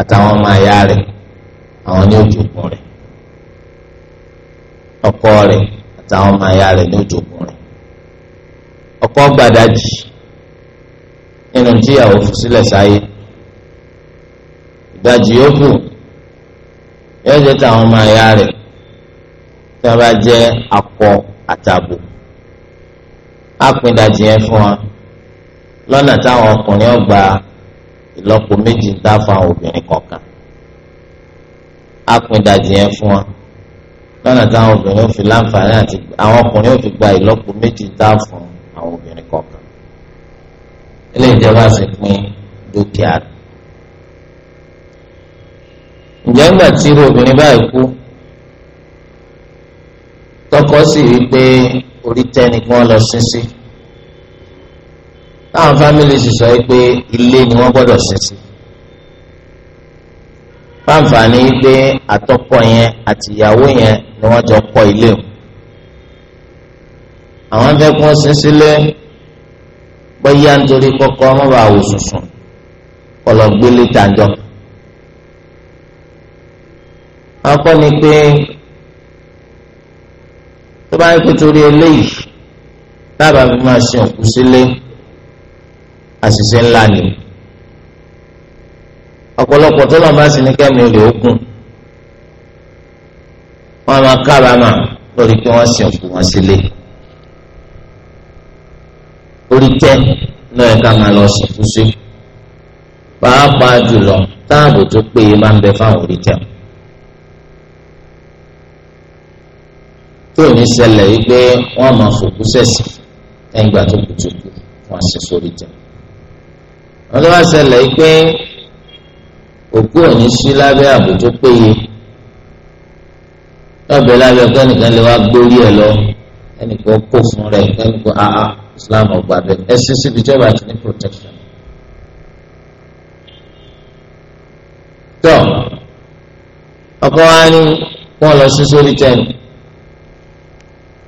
A: àtàwọn ọmọ ìyá rẹ àwọn ní ojú rẹ ọkọ rẹ àtàwọn ọmọ ìyá rẹ̀ ní ojú ọkọ ọkọ gbàdájì nínú tíyàwó sáyé á pín ìdajì yẹn fún wa lọ́nà táwọn ọkùnrin ọgbà ìlọ́po méjì ń dá fún àwọn obìnrin kọ̀ọ̀kan á pín ìdajì yẹn fún wa lọ́nà táwọn obìnrin ò fi láǹfààní àti àwọn ọkùnrin ò fi gba ìlọ́po méjì ń dá fún àwọn obìnrin kọ̀ọ̀kan ilé ìjọba sì pín dúkìá ǹjẹ́ ńgbà tí irú obìnrin báyìí kú tọkọ sì rí pé orí tẹ́ni kí wọ́n lọ sin sí táwọn fámìlì sì sọ pé ilé ni wọ́n gbọ́dọ̀ sin sí fáǹfààní pé àtọkọ yẹn àtìyàwó yẹn ni wọ́n jọ kọ́ ilé o àwọn fẹ́ kún sin sílé bóyá nítorí kọ́kọ́ wọ́n bá wò sùnsùn kọlọ̀ gbélé tàǹjọ́ akọ́ pé tó bá yẹ kó torí eléyìí dábàá fi máa sin òkú sílé àṣìṣe ńlá ni ọ̀pọ̀lọpọ̀ tó lọ́n bá sì ní kẹ́mi rẹ̀ ókun wọ́n máa kábàámà lórí pé wọ́n sin òkú wọn sílé orí tẹ́ lọ́yẹ̀ ká máa lọ sìnkú sí pàápàá jùlọ táàbù tó péye máa ń bẹ fáwọn orí tẹ́ wọn. tí ò ní ṣẹlẹ̀ yìí pé wọ́n máa fòkú sẹ̀sì lẹ́yìn ìgbà tó kùtù kù wọ́n á ṣe sórí jẹ. wọ́n tó wá ṣẹlẹ̀ yìí pé òkú ò ní sí lábẹ́ ààbò tó péye lọ́bẹ̀ lábẹ́ ọ̀gá nìkan lè wá gbórí ẹ̀ lọ ẹnìkan kó fún rẹ̀ ẹnìkan áá ah, ah, Islam ọgbà bẹ́ẹ̀ ẹ síbi tí ọba ti ní protection. tọ́ ọkọ wa ni wọ́n lọ sí sórí tẹ́ni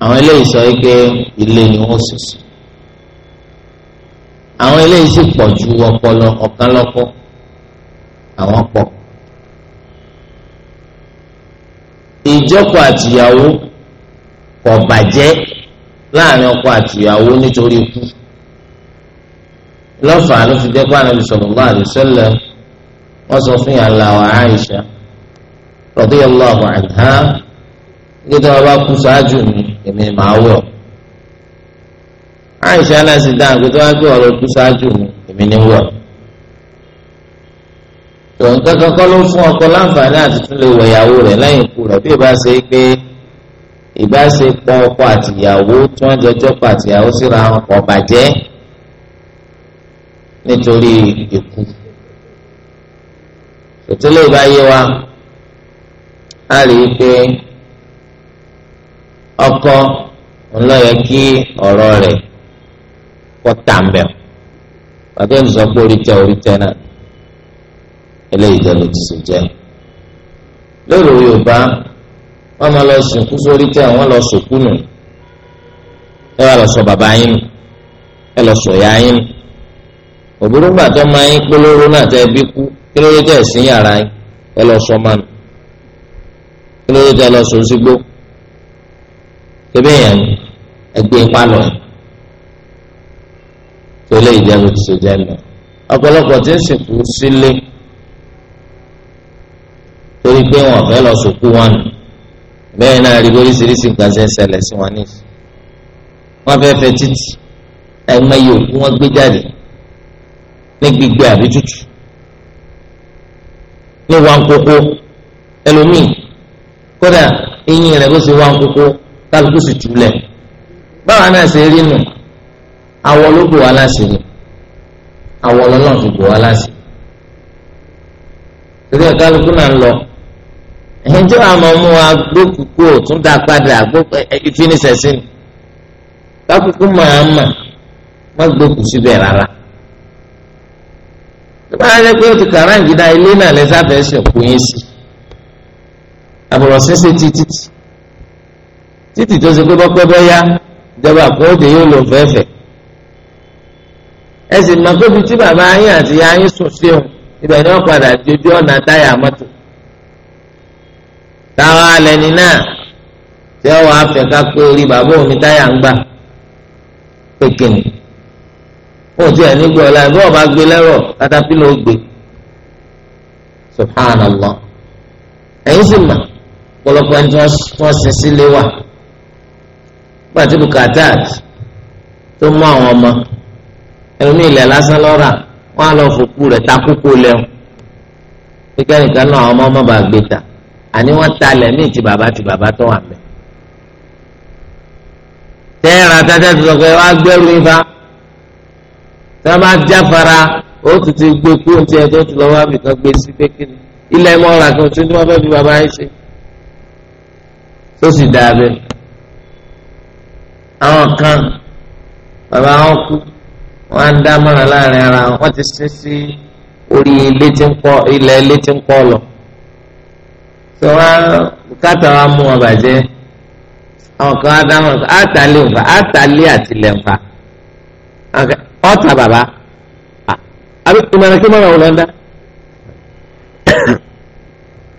A: àwọn eléyìí sọ pé ilé ni wọ́n sùn sí àwọn eléyìí sì pọ̀ ju ọpọlọ ọ̀kan lọ́kọ́ àwọn pọ̀ ìjọkọ àtìyàwó kò bàjẹ́ láàrin ọkọ àtìyàwó nítorí ikú lọ́fàá ló fi dẹ́pọ̀ àná sallallahu alaihi wasallam wọ́n sọ fún yàrá wa Aisha radiyallahu anha nígbà tó bá kú ṣáájú mi èmi màá wẹ̀ ọ́ àìsàn náà sì dáhùn pé tó bá gbé ọ̀rọ̀ kú ṣáájú mi èmi ní wẹ̀ ọ́ tòun kankan kọ́ ló fún ọkọ láǹfààní àti tún lè wọ ìyàwó rẹ̀ lẹ́yìn ikú rẹ̀ bí ìbá ṣe pé ìbáṣepọ̀ ọkọ àtìyàwó tí wọ́n jọjọ́ pa àtìyàwó síra wọn kò bàjẹ́ nítorí ikú. tòtí lè bá yé wa a rí i pé ọkọ ńlọyẹ kí ọ̀rọ̀ rẹ̀ kọ tàǹbẹ pàtó ìsọ pé orí tẹ orí tẹ náà eléyìí jẹ ló ti sè jẹ lórí Yorùbá wọn máa lọ sìnkú sórí tẹ wọn lọ sòkú nù ẹ wà lọ sọ bàbá yín nù ẹ lọ sọ ìyá yín nù òbúrú gbà máa yín polówó náà tẹ bí kú kí ló tẹ sí yàrá yín ẹ lọ sọ máa nù kí ló tẹ lọ sọ sígbó kébé yẹn ẹgbẹ́ ipá lọ tó lè jẹ́ bó ti ṣe jẹ́ lọ ọ̀pọ̀lọpọ̀ tí ń sìnkú sílé torí pé wọn fẹ́ lọ sòkú wọn nù bẹ́ẹ̀ náà rí oríṣiríṣi nǹkan ṣe ń ṣẹlẹ̀ sí wọn nísì wọn fẹ́ fẹ́ títì ẹ̀mẹ́yẹ òkú wọn gbé jáde ní gbígbé àbí tútù ní wọn kókó ẹlòmíì kódà eyín rẹ̀ bó ṣe wọn kókó. kálukú sì túlẹ̀ báwa náà ṣe rí nù awọ ló bò wá láṣìírí awọ lọ́lọ́run fi bò wá láṣìírí torí kálukú náà ń lọ ẹjọ́ àmọ́ mú wa gbókùkú dá padà ni máa mà má gbókù síbẹ̀ rárá pé o títí tó ṣe pé bọ́ pẹ́ bọ́yá ìjọba kan ó dé yóò lò fẹ́fẹ́ ẹ sì mọ pé bí tí bàbá yín àti ìyá yín sùn sí òun ibẹ̀ ni wọ́n padà dojú ọ̀nà táyà mọ́tò táwọn alẹ́ ní náà tí wọ́n wàá pé orí bàbá òun ní táyà ń gbà pé kìnnì wọn ò tí ẹ̀ ní gbọ́ ọ̀la bí wọ́n gbé lẹ́rọ̀ katapila ó subhanallah ẹ̀yin sì mà pọ̀lọpọ̀ ẹni tí wọ́n sin sílé wà pàtí bukatat tó mú àwọn ọmọ ẹ̀mí ilẹ̀ lásán lọ́ra wọn á lọ fòkú rẹ̀ takókó lẹ́hùn kíkẹ́ nìkan náà ọmọ ọmọ bá gbé ta àní wọ́n ta lẹ̀ ní ti bàbá ti bàbá tó wà mẹ́. tẹ́ẹ̀rà tẹ́tẹ́ tó sọ pé wọ́n á gbẹ́rù yín fa tí wọ́n bá jáfara ó tún ti gbé kú oúnjẹ tó ti lọ́wọ́ àbìkan gbé sí pé kí ni ilẹ̀ mọ́ra kan tí wọ́n fẹ́ fi bàbá yín ṣe tó sì dáa bẹ́ẹ̀. àwọn kan bàbá wọn kú wọn á ń ara wọn wọ́n ti sin sí orí ilé tí ń kọ́ ilẹ̀ ilé tí ń lọ. sọ wá wa mú wọn bàjẹ́ àwọn kan á dá mọ́ra àtàlẹ́ òǹfà àtàlẹ́ àtìlẹ̀ bàbá àbí ìmọ̀ràn kí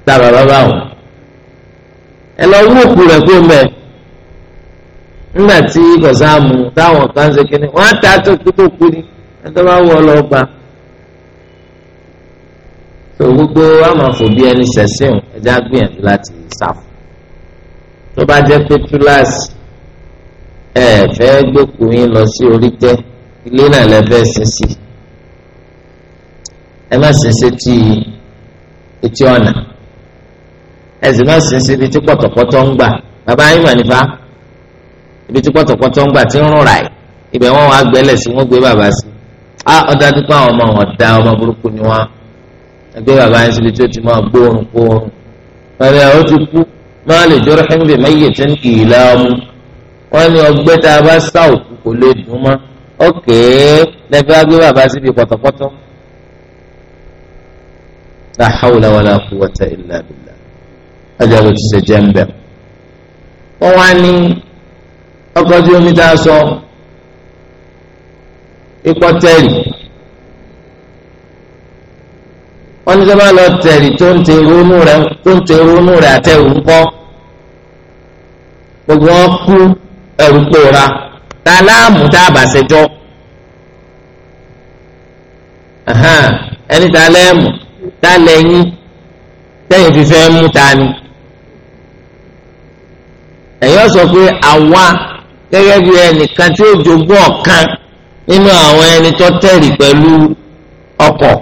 A: lọ wú òkú rẹ̀ nígbà tí kọ̀sáàmù táwọn kan ṣe kínní wọ́n á ta tó kútókú ni ẹ̀tọ́ bá wọ ọlọ́gba. tó gbogbo àmàfò bí ẹni ṣẹ̀ṣìn ẹ̀dá gbìyànjú láti ṣàfù. tó bá jẹ́ pé túláàsì ẹ̀ fẹ́ gbókùn yín lọ sí orí tẹ́ ilé náà lẹ́fẹ́ sin ẹ má sin sí etí ọ̀nà ẹ sì má sin tí pọ̀tọ̀pọ̀tọ̀ ń gbà bàbá yín mà nípa ibi tí pọ̀tọ̀pọ̀tọ̀ ń gbà tí ń rún ràì ibẹ̀ wọ́n wá gbẹ́lẹ̀ sí wọ́n gbé bàbá sí a ọ̀dájú pé àwọn ọmọ wọn da ọmọ burúkú ni wọ́n gbé bàbá yẹn síbi tí ó ti máa gbóòórùn gbóòórùn bàbá yẹn ó ti kú máa lè jọrọ ẹ̀ńbì mẹ́yẹ̀ tí ń kì í la ọmú wọ́n ní ọgbẹ́ tá a bá sá òkú kò lè dùn mọ́ ókè lẹ́fẹ́ wá gbé bàbá síbi pọ̀tọ̀pọ̀tọ̀ la hawla wá ní Ọkọ dị omi tá sọ ikọ̀ tẹri, wọ́n ní sábà lọ tẹri tó ń tẹ̀rù inú rẹ̀ tó ń tẹ̀rù inú rẹ̀ àtẹ̀rù ńkọ́ gbogbo wọn kú ẹ̀rù pòórá tá a láàmú tá a ẹni tá a lẹ́mù tá a lẹ́yìn tẹ́yìn gẹ́gẹ́ bí ẹnìkan tí ó jogún ọ̀kan nínú àwọn ẹni tó tẹ̀rì pẹ̀lú ọkọ̀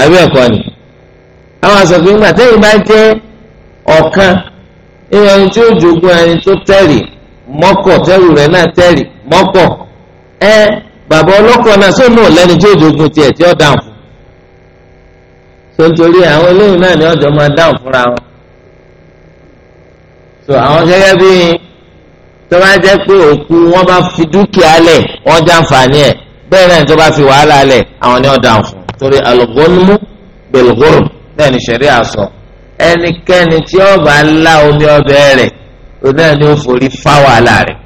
A: àbí ẹ̀kọ́ ni àwọn àṣọ̀kì ńgbà tẹ́yìn bá jẹ́ ọ̀kan nínú ẹni tí ó jogún ẹni tó tẹ̀rì mọ́kọ̀ tẹ́rù rẹ̀ náà tẹ̀rì mọ́kọ̀ ẹ bàbá ọlọ́kọ̀ náà sóònù lẹ́ni tí ó jogun tiẹ̀ tí ó dáhùn fún tó àwọn eléyìí náà ni ọjọ́ máa dáhùn fúnra wọn so àwọn gẹ́gẹ́ bíi tó bá jẹ́ pé òkú wọn bá fi dúkìá lẹ̀ wọ́n já nfààní ẹ̀ bẹ́ẹ̀ náà tó bá fi wàhálà lẹ̀ àwọn ni wọ́n dàn fún torí alugolmu belgorm náà ní sẹ̀rí àsọ ẹnikẹ́ni tí ó bá lá omi ọbẹ̀ rẹ̀ òun náà ni ó fá wàhálà rẹ̀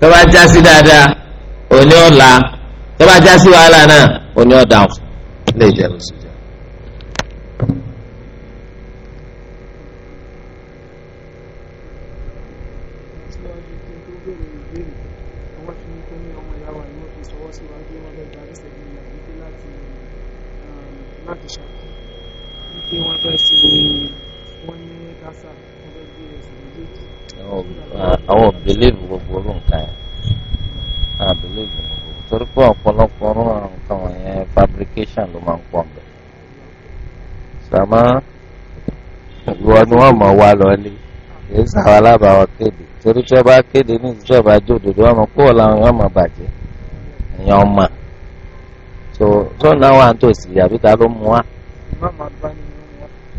A: tó bá já sí dáadáa òun ni ó tó bá já sí wàhálà náà òun ni ó fún ilé ìjẹun sí i.
B: pé wọ́n fẹ́ ṣe wọ́n ní kásá wọ́n fẹ́ gbé ẹsẹ̀
A: méjèèjì. àwọn believe
B: gbogbo orú yẹn
A: àwọn believe gbogbo
B: torí pé ọ̀pọ̀lọpọ̀ orú nǹkan wọ̀nyẹn fabrication ló máa ń pọ̀ mbẹ́ sàmá ìwọ ni wọ́n mọ̀ wá lọ ní kì í sàwọn alábàáwọ̀ kéde torí tí wọ́n
A: bá kéde ní ìjọba àjòdòdò ọmọ kó làwọn èèyàn máa bàjẹ́ èèyàn máa tó tó náà wà nítòsí àbí ta ló mú wa.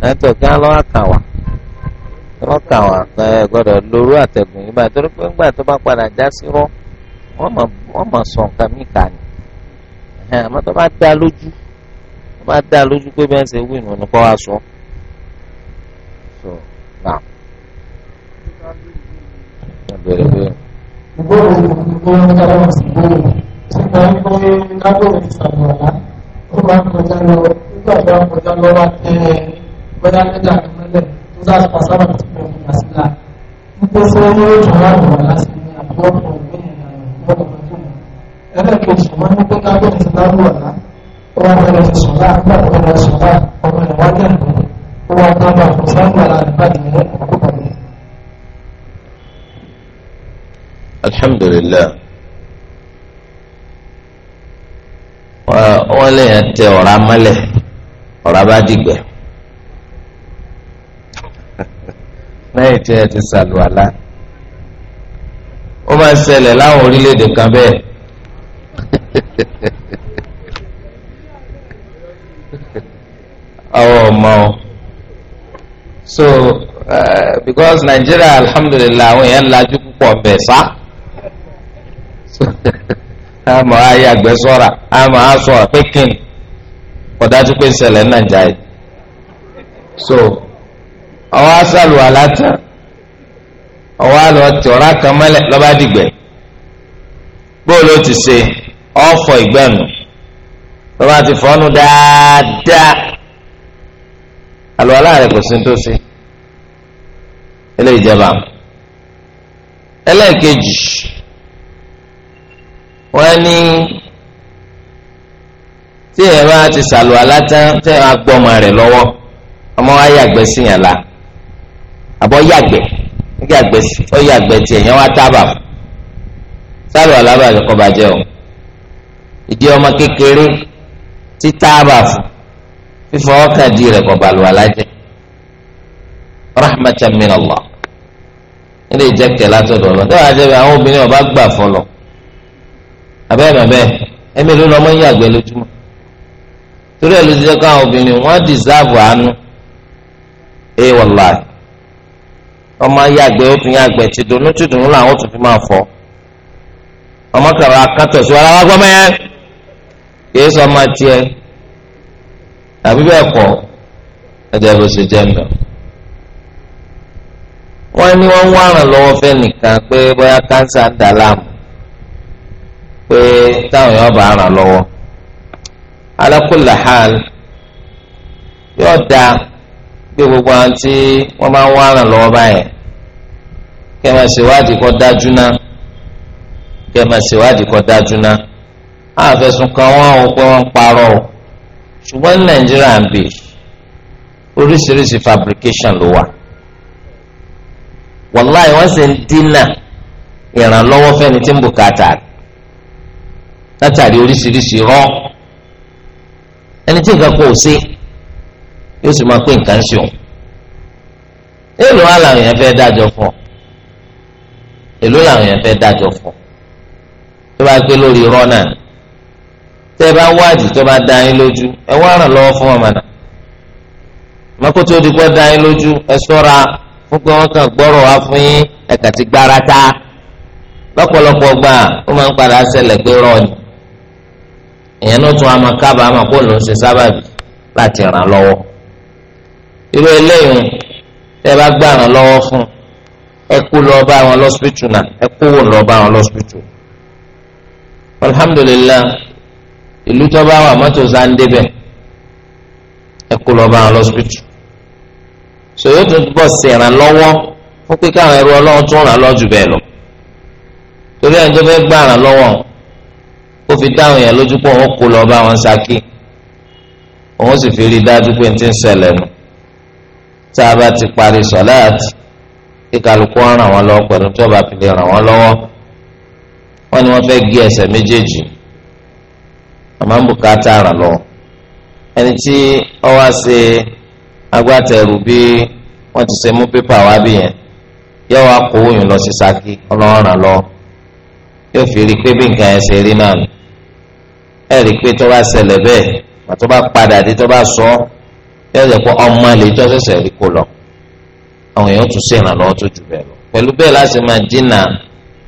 A: ẹtọ kí á lọ àkà wá lọ kà wá ẹ gbọ́dọ̀ lóru àtẹgùn yìí báyìí torí pé ńgbà tó bá padà já sí rọ wọn mọ sọ nǹkan mí kà ní ẹ tó bá dá lójú tó bá dá lójú pé bẹ́ẹ̀ ṣe wí nù kọ́ wa sọ.
B: Ìgbóhùn ìgbóhùn ó máa
A: ń kọjá lọ kọjá lọ wá bọ́dá mẹ́ta mẹ́lẹ̀ tó sáà sọ sábà tó pọ̀ fún àsìlá nípa sí wọn yóò jọ wà
B: wọ̀ láti ní àbúrò fún ọgbẹ́ ìlànà ìwọ́n ọ̀gbẹ́ fún mi. ẹlẹ́ẹ̀kejì wọn ní pé kábẹ́ ti bá wù ọ̀la ó wà bẹ̀rẹ̀ ti sùn láà nígbà tó ọmọ rẹ̀ wá jẹ́ ìlú ó wà tó bá fún sáńgbà láti
A: lẹ́yìn tí ẹ ti sàlùwàlá ó máa ń ṣẹlẹ̀ láwọn orílẹ̀-èdè kan bẹ́ẹ̀ àwọn ọmọ o
B: so uh, because Nigeria alhamdulilayi àwọn èèyàn lajú púpọ̀ bẹ́ẹ̀ sá àmọ́ ayé àgbẹ̀ sọ̀ra
A: àmọ́ asọ̀ra pé pé ṣẹlẹ̀ nàìjíríà so. ọwọ́ asálù alátàn ọwọ́ alọ tọ̀ra kan mọ́lẹ̀ lọ́ba dìgbẹ́ bóòlù ó ti ṣe ọ̀fọ̀ ìgbẹ́nu lọ́ba ti fọ́nu dáadáa àlùwàlá rẹ̀ kò sí ní tó ṣe eléyìí jẹba ẹlẹ́ẹ̀kejì wọ́n ní tí ẹ̀ bá ti sàlùwàlá tán tẹ́ ẹ̀ máa gbọ́ rẹ̀ lọ́wọ́ ọmọ wa yàgbẹ́ sí yàn la àbọ̀ yàgbẹ́ yàgbẹ́ ó yàgbẹ́ tiẹ̀ yẹn wá tábà sálù alábàjẹ́ kọ́ bàjẹ́ o ìdí ọmọ kékeré tí tábà fún fífọ ọkàn di rẹ̀ kọ́ balùwà lájẹ́ rahmatan min Allah ilé ìjẹ́kẹ̀ látọ̀dọ̀ lọ dáwọ́ àjẹbẹ àwọn obìnrin ọba gbà fọlọ abẹ́ bàbẹ́ ẹ̀mí ló lọ́mọ yàgbẹ́ lójúmọ́ torí ẹ̀ ló ti jẹ́ káwọn obìnrin wọ́n dìsáàbù àánú ẹ̀ wàláì ọmọ yàgbẹ́ ó tún yàgbẹ́ tìdùnnú tìdùnnú làwọn tún fi máa fọ ọmọ kàrà kàtọ̀ sí wàrà wàgbọ́ mẹ́ kìí sọ ọmọ tiẹ̀ àbí bẹ́ẹ̀ kọ́ ẹ̀jẹ̀ bó ṣe jẹ́ mbẹ́. wọ́n ní wọ́n ń wá ràn lọ́wọ́ fẹ́ nìkan pé bóyá kánsà ń dà láàmú pé táwọn yóò bá ràn lọ́wọ́ alákùlà hàn yóò gbé gbogbo àwọn tí wọ́n máa ń wá ràn lọ́wọ́ báyẹn kẹ́ máa ṣèwádìí kó dájú ná kẹ́ máa ṣèwádìí kó dájú ná àfẹ̀sùn kan wọn ò pé wọ́n ń parọ́ o ṣùgbọ́n ní nàìjíríà ń bì oríṣiríṣi fabrication ló wà wàláì wọ́n sì ń dínà ìrànlọ́wọ́ fẹ́ni tí ń bùkátà látàrí oríṣiríṣi rán ẹni tí nǹkan kò ṣe yóò sì máa pé nǹkan ṣe òun èlò làwọn èèyàn fẹ́ dájọ́ fún ọ èlò làwọn èèyàn fẹ́ dájọ́ fún ọ tó bá gbé lórí irọ́ náà tẹ́ ẹ bá wádìí tó bá dá yín lójú ẹ wá ràn lọ́wọ́ fún ọmọ náà mọ́kótó òdìgbò dá yín lójú ẹ sọ́ra fún pé wọ́n kàn gbọ́rọ̀ wá fún yín ẹ̀ka ti gbára ta lọ́pọ̀lọpọ̀ gbà ó máa ń padà ṣẹlẹ̀ pé rọ ni èèyàn náà tún àmọ́ kábàámọ̀ kó ló ń ṣe sábàbí láti ràn lọ́wọ́ irú eléyìí tẹ́ bá gbà wọn lọ́wọ́ fún ẹ kú lọ bá wọn lọ́sibítù náà ẹ kú wò lọ bá wọn lọ́sibítù. alhamdulilah ìlú tó bá wà mọ́tò sáńdé bẹ̀ ẹ kú lọ bá wọn lọ́sibítù. sòyó tó bọ̀ ṣèrànlọ́wọ́ fún pé káwọn ẹrú ọlọ́run tún ràn lọ́jù bẹ́ẹ̀ lọ. torí ẹni tó fẹ́ gbà ràn lọ́wọ́ ó fi dáhùn yẹn lójú pé òun kú lọ bá wọn ṣáké òun sì fi rí i dájú pé ní ti ń ṣẹlẹ̀ nù tá a bá ti parí sọláàtì kí kálukú ràn wọ́n lọ́wọ́ pẹ̀lú tí wọ́n bá fi lè ràn wọ́n lọ́wọ́ wọ́n ní wọ́n fẹ́ gé ẹsẹ̀ méjèèjì àmọ́ ń bùkátà ràn lọ ẹni tí ó wá ṣe agbátẹrù bí wọ́n ti ṣe mú pépà wá bí yẹn yóò wá kó oyún lọ sí saki ọlọ́ràn lọ yóò fi rí pé bí nǹkan ẹ̀ ṣe rí náà ẹ̀ rí pé tó bá ṣẹlẹ̀ bẹ́ẹ̀ tó bá padà dé tó bá sọ ọ́ yọjọ pé ọmọ àlè tó ṣẹ̀ṣẹ̀ rí kó lọ àwọn èèyàn tún ṣèrànlọ́wọ́ tó jù bẹ́ẹ̀ lọ pẹ̀lú bẹ́ẹ̀ láti máa dínà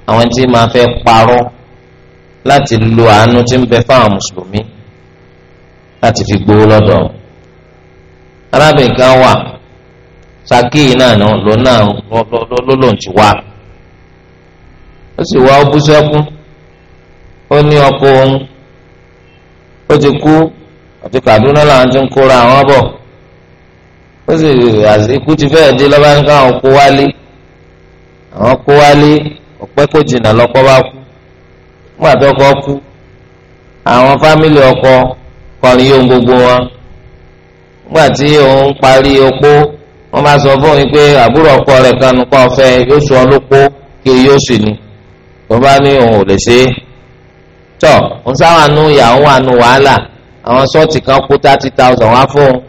A: àwọn tí máa fẹ́ parọ́ láti lo àánú tí ń bẹ fáwọn mùsùlùmí fi gbowó lọ́dọ̀ arábìnrin kan wà saki yìí náà lọ náà ló ti wá ó sì wá bú sẹ́kún ó ní ọkọ òun ó ti kú ó sì ikú ti fẹ́ẹ̀ dé lọ́ba ní káwọn kó wálé àwọn kó wálé ọ̀pẹ́ kò jìnnà lọ́kọ́ bá kú nígbà tó kọ́ kú àwọn fámìlì ọkọ kọrin yóò gbogbo wọn nígbà tí òun parí opó wọ́n bá sọ fún mi pé àbúrò ọkọ rẹ̀ kanu kọ́ fẹ́ yóò sọ lóko kiri yóò sì ni tó bá ní òun ò lè ṣe é tọ́ òun sáwọn àánú ìyàwó àánú wàhálà àwọn sọ́ọ̀tì kan kú thirty thousand wá fún un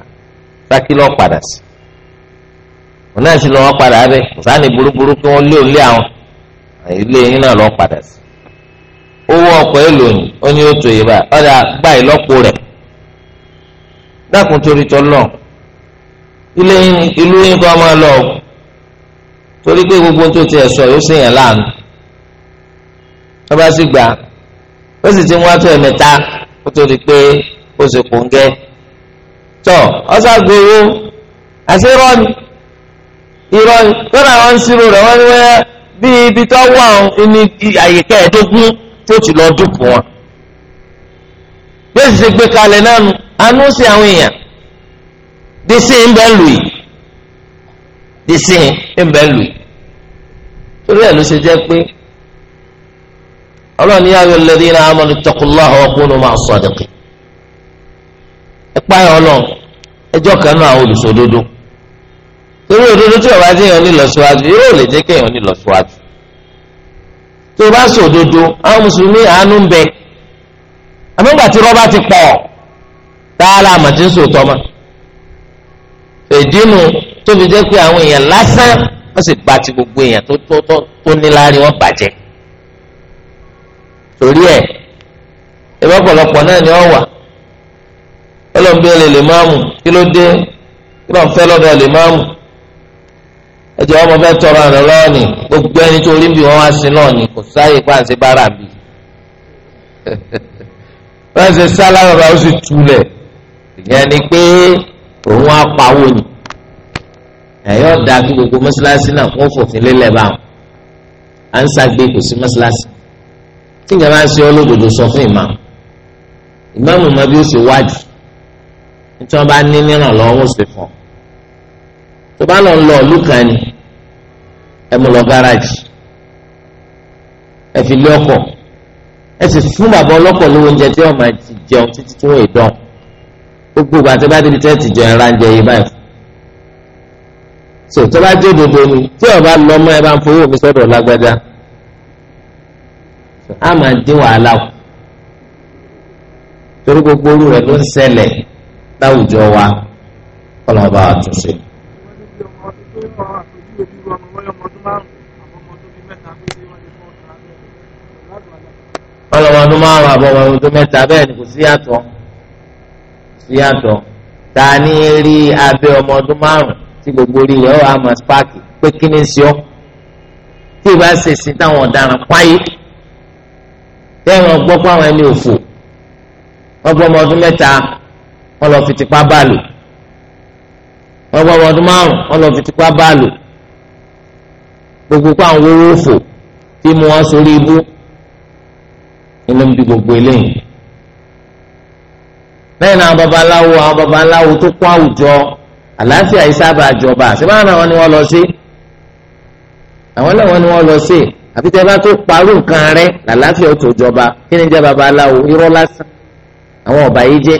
A: pákí lọ padà sí òun náà sì lọ wọn padà bẹ sáni burúburú kí wọn lé òun àwọn ilé yín náà lọ padà sí owó ọkọ èlò ó ní ó tó dákun torí ìlú yín máa lọ torí pé gbogbo ti ẹsọ yóò tọ ọsàgòwò àti irọ́ni irọ́ni lọ́nà àwọn sírò rẹ̀ wọ́n ibi tó wà ń ní àyíká ẹ̀ẹ́dógún tó ti lọ dúpọ̀ wọn. bí èsì gbé kalẹ̀ náà nu anú sí àwọn èèyàn di sí ń bẹ́ẹ̀ lù yìí di sí ń bẹ́ẹ̀ lù yìí torí ẹ̀ ló ṣe jẹ́ pé ọlọ́ọ̀ni ẹ̀pá ẹ̀ ọlọ́run ẹjọ́ kan náà àwọn olùsòdodo torí òdodo tí ọba ti yàn ní lọ́síwájú yóò lè jẹ́ kéèyàn ní lọ́síwájú tó bá sòdodo àwọn mùsùlùmí àánú ń bẹ àmọ́gbà tí rọ́bà ti pọ̀ tààlà àmọ̀tí ń sòtọ́ ma èdínú tó fi jẹ́ pé àwọn èèyàn lásán wọ́n sì bá ti gbogbo èèyàn tó tó tó ní láàrin wọn bàjẹ́ torí ẹ̀ ìbọ̀pọ̀lọpọ̀ náà ni wọ́n wà ọlọ́mbẹ́lẹ̀ lè máa mú kí ló dé kí ló ń fẹ́ lọ́dọ̀ lè máa mú ẹjẹ ọmọ fẹ́ tọrọ àná lọ́wọ́ ni gbogbo ẹni tó rí bí wọ́n wá sí náà ni kò sáyè pàǹsẹ̀ bára bì pàǹsẹ̀ sálára bá ó sì túlẹ̀ ìyẹn ni pé òun á pawó ni ẹ̀yọ́ da kí gbogbo mọ́ṣáláṣí náà kó fòfin lélẹ̀ bá wọn à ń ṣàgbé kò sí mọ́ṣáláṣí tí ìyẹn ń ṣe olódodo sọ fún ìmáàmù ìmáàmù mọ bí ó ṣe wádìí tí wọ́n bá ní nírànlọ́wọ́ wọ́n sì fún ọ tó bá lọ ń lọ ọ̀lú kan ni ẹ mú lọ gáràjì ẹ fi lé ọkọ̀ ẹ sì fún bàbá ọlọ́kọ̀ lówó oúnjẹ tí wọ́n máa ti jẹun títí tí wọ́n yìí dán gbogbo ìgbà tó bá débi tẹ́ ti jẹun ẹ̀rá jẹ yìí báyìí so tó bá jẹ́ òdodo ni tí ọba lọ mọ́ ẹ bá ń fowó mi sọ́dọ̀ lágbájá á máa dín wàhálà kù torí gbogbo orú rẹ̀ ló ń ṣẹlẹ̀ láwùjọ wa kọ́nà bá wa tún ṣe. ọlọ́mọ ọdún márùn-ún
B: àbọ̀ ọmọ ọdún mẹ́ta bẹ́ẹ̀ ni kò
A: sí yàtọ̀ sí yàtọ̀ ta ni rí abẹ́ ọmọ ọdún márùn-ún tí gbogbo orí rẹ̀ ọ̀ àmọ́ spáàkì pé kí ni sí ọ́ tí ìbá ṣèṣin táwọn ọ̀daràn páyé bẹ́ẹ̀ wọ́n gbọ́ pé àwọn ẹni òfò wọ́n gbọ́ ọmọ ọdún mẹ́ta wọ́n lọ fi tipa báàlù wọ́n gbọ́ ọdún márùn wọ́n lọ fi tipa báàlù gbogbo pa àwọn owó fò tí mo wọ́n sórí ibú inú bí gbogbo eléyìí bẹ́ẹ̀ ni àwọn babaláwo àwọn babaláwo tó kó àwùjọ àlàáfíà yìí sábà jọba àṣìbáwọn àwọn ni wọ́n lọ sí àwọn náà wọ́n ni wọ́n lọ sí àfi tẹ́ bá tó parú nǹkan rẹ̀ làlàáfíà ó tó jọba kí ni jẹ́ babaláwo irọ́ lásán àwọn ọba yìí
B: jẹ́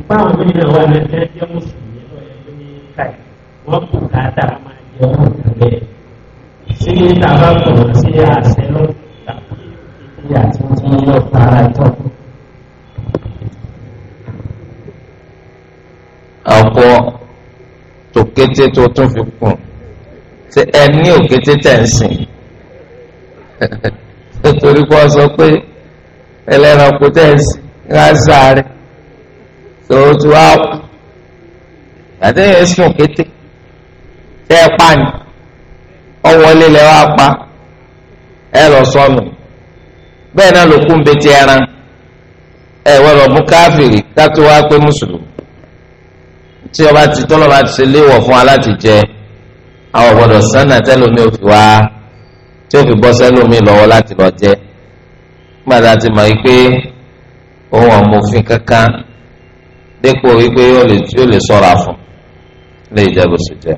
B: ìpá àwọn gómìnà wà ní ẹgbẹ́ jẹ́ mùsùlùmí lọ ẹgbẹ́ ní káì wọ́n kò ká tá a máa
A: jẹ ọmọ ìgbẹ́ sí tàbá kọ̀ọ̀ sí àṣẹ lọ́wọ́ tàbí ìdí àti tí yóò fara tọ̀. ọ̀pọ̀ tòkété tó tún fi kùn ṣe ẹ ní òkété tẹ̀ ń sìn nítorí kó sọ pé ẹlẹ́ran kò tẹ̀ ń sìn ń rásá rẹ̀ tó tu wá àti ẹ̀sùn kété tẹ́ ẹ pa ni ọwọ́lé lẹ́wọ́ apá ẹ lọ sọnù bẹ́ẹ̀ náà ló kú ń ẹran ẹ wọ́n lọ mú káfíìrì kátó wá pé mùsùlùmí tí ọba ti tọ́lọ́ bá ti ṣe léwọ̀ fún wa láti jẹ àwọn gbọ́dọ̀ sánà tẹ́lómi ò fi wá tí ó fi bọ́ sẹ́lómi lọ́wọ́ láti lọ jẹ gbàdá ti mọ̀ yí pé òun ọ̀mọ̀fin kankan dípò wípé yóò lè sọ̀rọ̀ àfún lè jẹ́ bó ṣe jẹ́.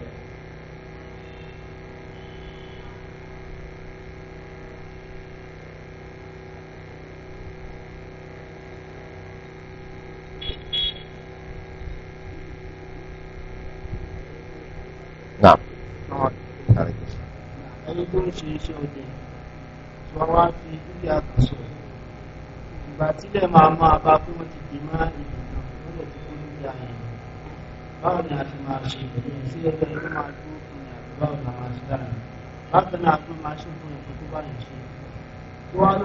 B: ṣe ọdẹ tó wá fi dúkìá kan sọ ìgbà tílẹ̀ máa máa bá pé wọ́n ti dì máa ìlú قبل أسماشي ينسي كلمة معكوف قبل أسماشي قبل أسماشي كنت ti máa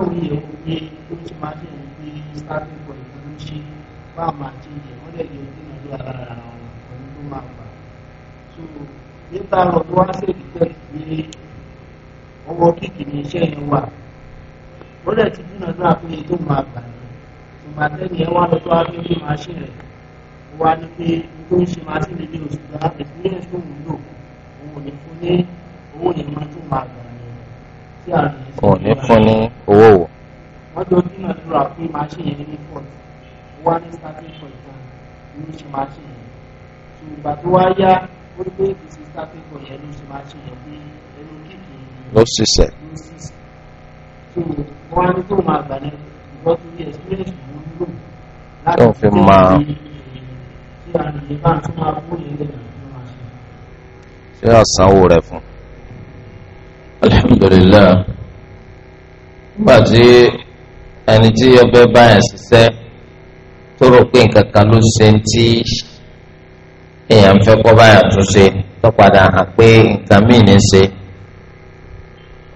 B: ṣe tó wá ní ní wá ní pé tó ń ṣe máa sí lè ní oṣù tó láti fi ní oṣù wúlò òun ò ní fún ní owó ní máa tó máa gbà ní tí a lè ṣe. òun ní fún ní owó wò. wọ́n jọ dínà dúrà pé máa ṣe yẹn ní port wá ní starting point náà ló ṣe máa ṣe yẹn tó ìgbà tó wá yá ó rí pé kì í ṣe starting point yẹn ló ṣe máa ṣe yẹn bí
A: ẹnu kíkì. ló ṣiṣẹ́. ló ṣiṣẹ́
B: tó wọ́n á ní tó máa gbà ní ìgbọ́ tó yẹ experience wúlò
A: láti fi máa ṣé àsanwó rẹ fún. alhamdulilayi nígbà tí ẹni tí ọbẹ̀ báyẹn ṣiṣẹ́ tó rò pé nǹkan kan ló ṣe ń tí èèyàn fẹ́ kọ́ báyẹn tún ṣe tó padà hàn pé nǹkan míì ní ṣe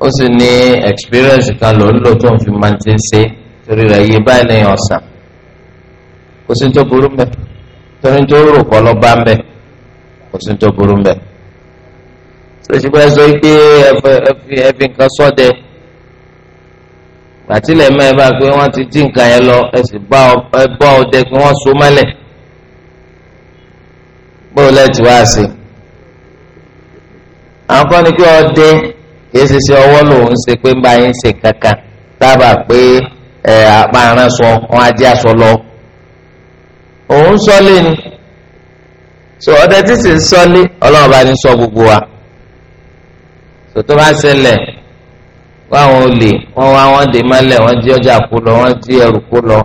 A: ó sì ní experience kan ló ń lò tó ń fi máa ti ṣe torí rẹ̀ yé báyìí lẹ́yìn ọ̀sán kò sí tó burú mẹ́ta torí tó rò kọ́ lọ bá ń bẹ̀ kò sí tó burú ń bẹ̀. sọ́sibú ẹ sọ pé ẹ fi nǹkan sọ́dẹ gbàtílẹ̀ mẹ́ẹ̀ bá pé wọ́n ti dín nǹkan yẹn lọ ẹ sì bá ọdẹ pé wọ́n so mọ́lẹ̀ bóyá lẹ́ẹ̀tì wá sí i àwọn kan ní kí ọdẹ kì í ṣe ṣe ọwọ́ lòun ṣe pé ń bá yín ṣe kankan dábàá pé àpá aránṣọ wọn á jẹ́ aṣọ lọ òun sọlé ni so ọdẹ tí sì ń sọlé ọlọ́run bá ní sọ gbogbo wa so tó bá ṣẹlẹ̀ wáwọn olè wọ́n wá wọ́n dè mọ́lẹ̀ wọn jí ọjà kó lọ wọn jí ẹrù lọ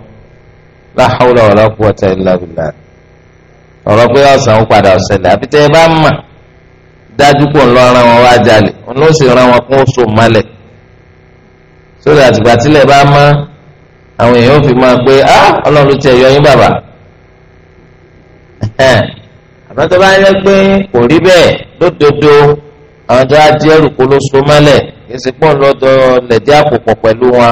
A: la ọ̀rọ̀ pé ọ̀sán ó padà ọ̀sẹ̀lẹ̀ àfi ẹ bá mà dájú pò ń lọ ran wọn wá jalè wọn ló sì ran wọn kún oṣù sórí àtìgbà tílẹ̀ bá àwọn èèyàn ò àmọ́ tó bá yẹ pé kò rí bẹ́ẹ̀ lódodo àwọn tó bá di ẹrù kó ló so mọ́lẹ̀ kì í ṣe pọ́n lọ́dọ̀ lẹ̀dí àpòpọ̀ pẹ̀lú wọn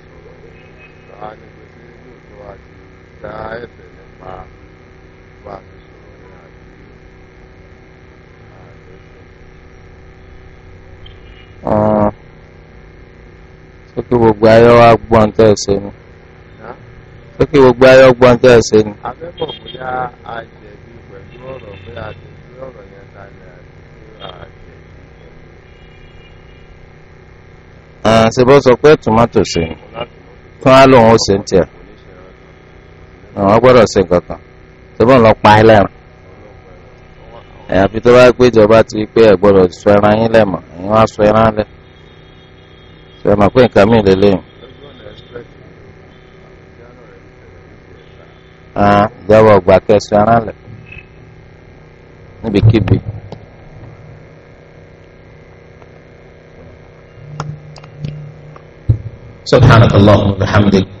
B: ta ah. ẹsẹ̀ nípa bá mi sọ̀rọ̀ ní àjò.
A: sókè gbogbo ayọ́ wa gbọ́ ń tẹ́ ẹsẹ̀ ni. sókè gbogbo ayọ́ gbọ́ ń tẹ́ ẹsẹ̀ ni.
B: abẹ́bọ̀ ah, bóyá a pẹ̀lú ọ̀rọ̀ pé a ọ̀rọ̀ yẹn kalẹ̀ àti pé
A: a jẹ̀bi. ṣe bó sọ pé tòmátò sí ni kí wọ́n á lóun ó ṣe ń tiẹ̀. àwọn gbọdọ ṣe nǹkan kan tọ́bọ̀ ń lọ pa ẹ́ lẹ́rìn àyàfi tó bá ti pé ẹ̀ gbọ́dọ̀ sọ ẹran yín lẹ́mọ̀ ẹ̀yin wá sọ ẹran lẹ̀ sọ ẹ̀ pé nǹkan ìjábọ̀ ọgbà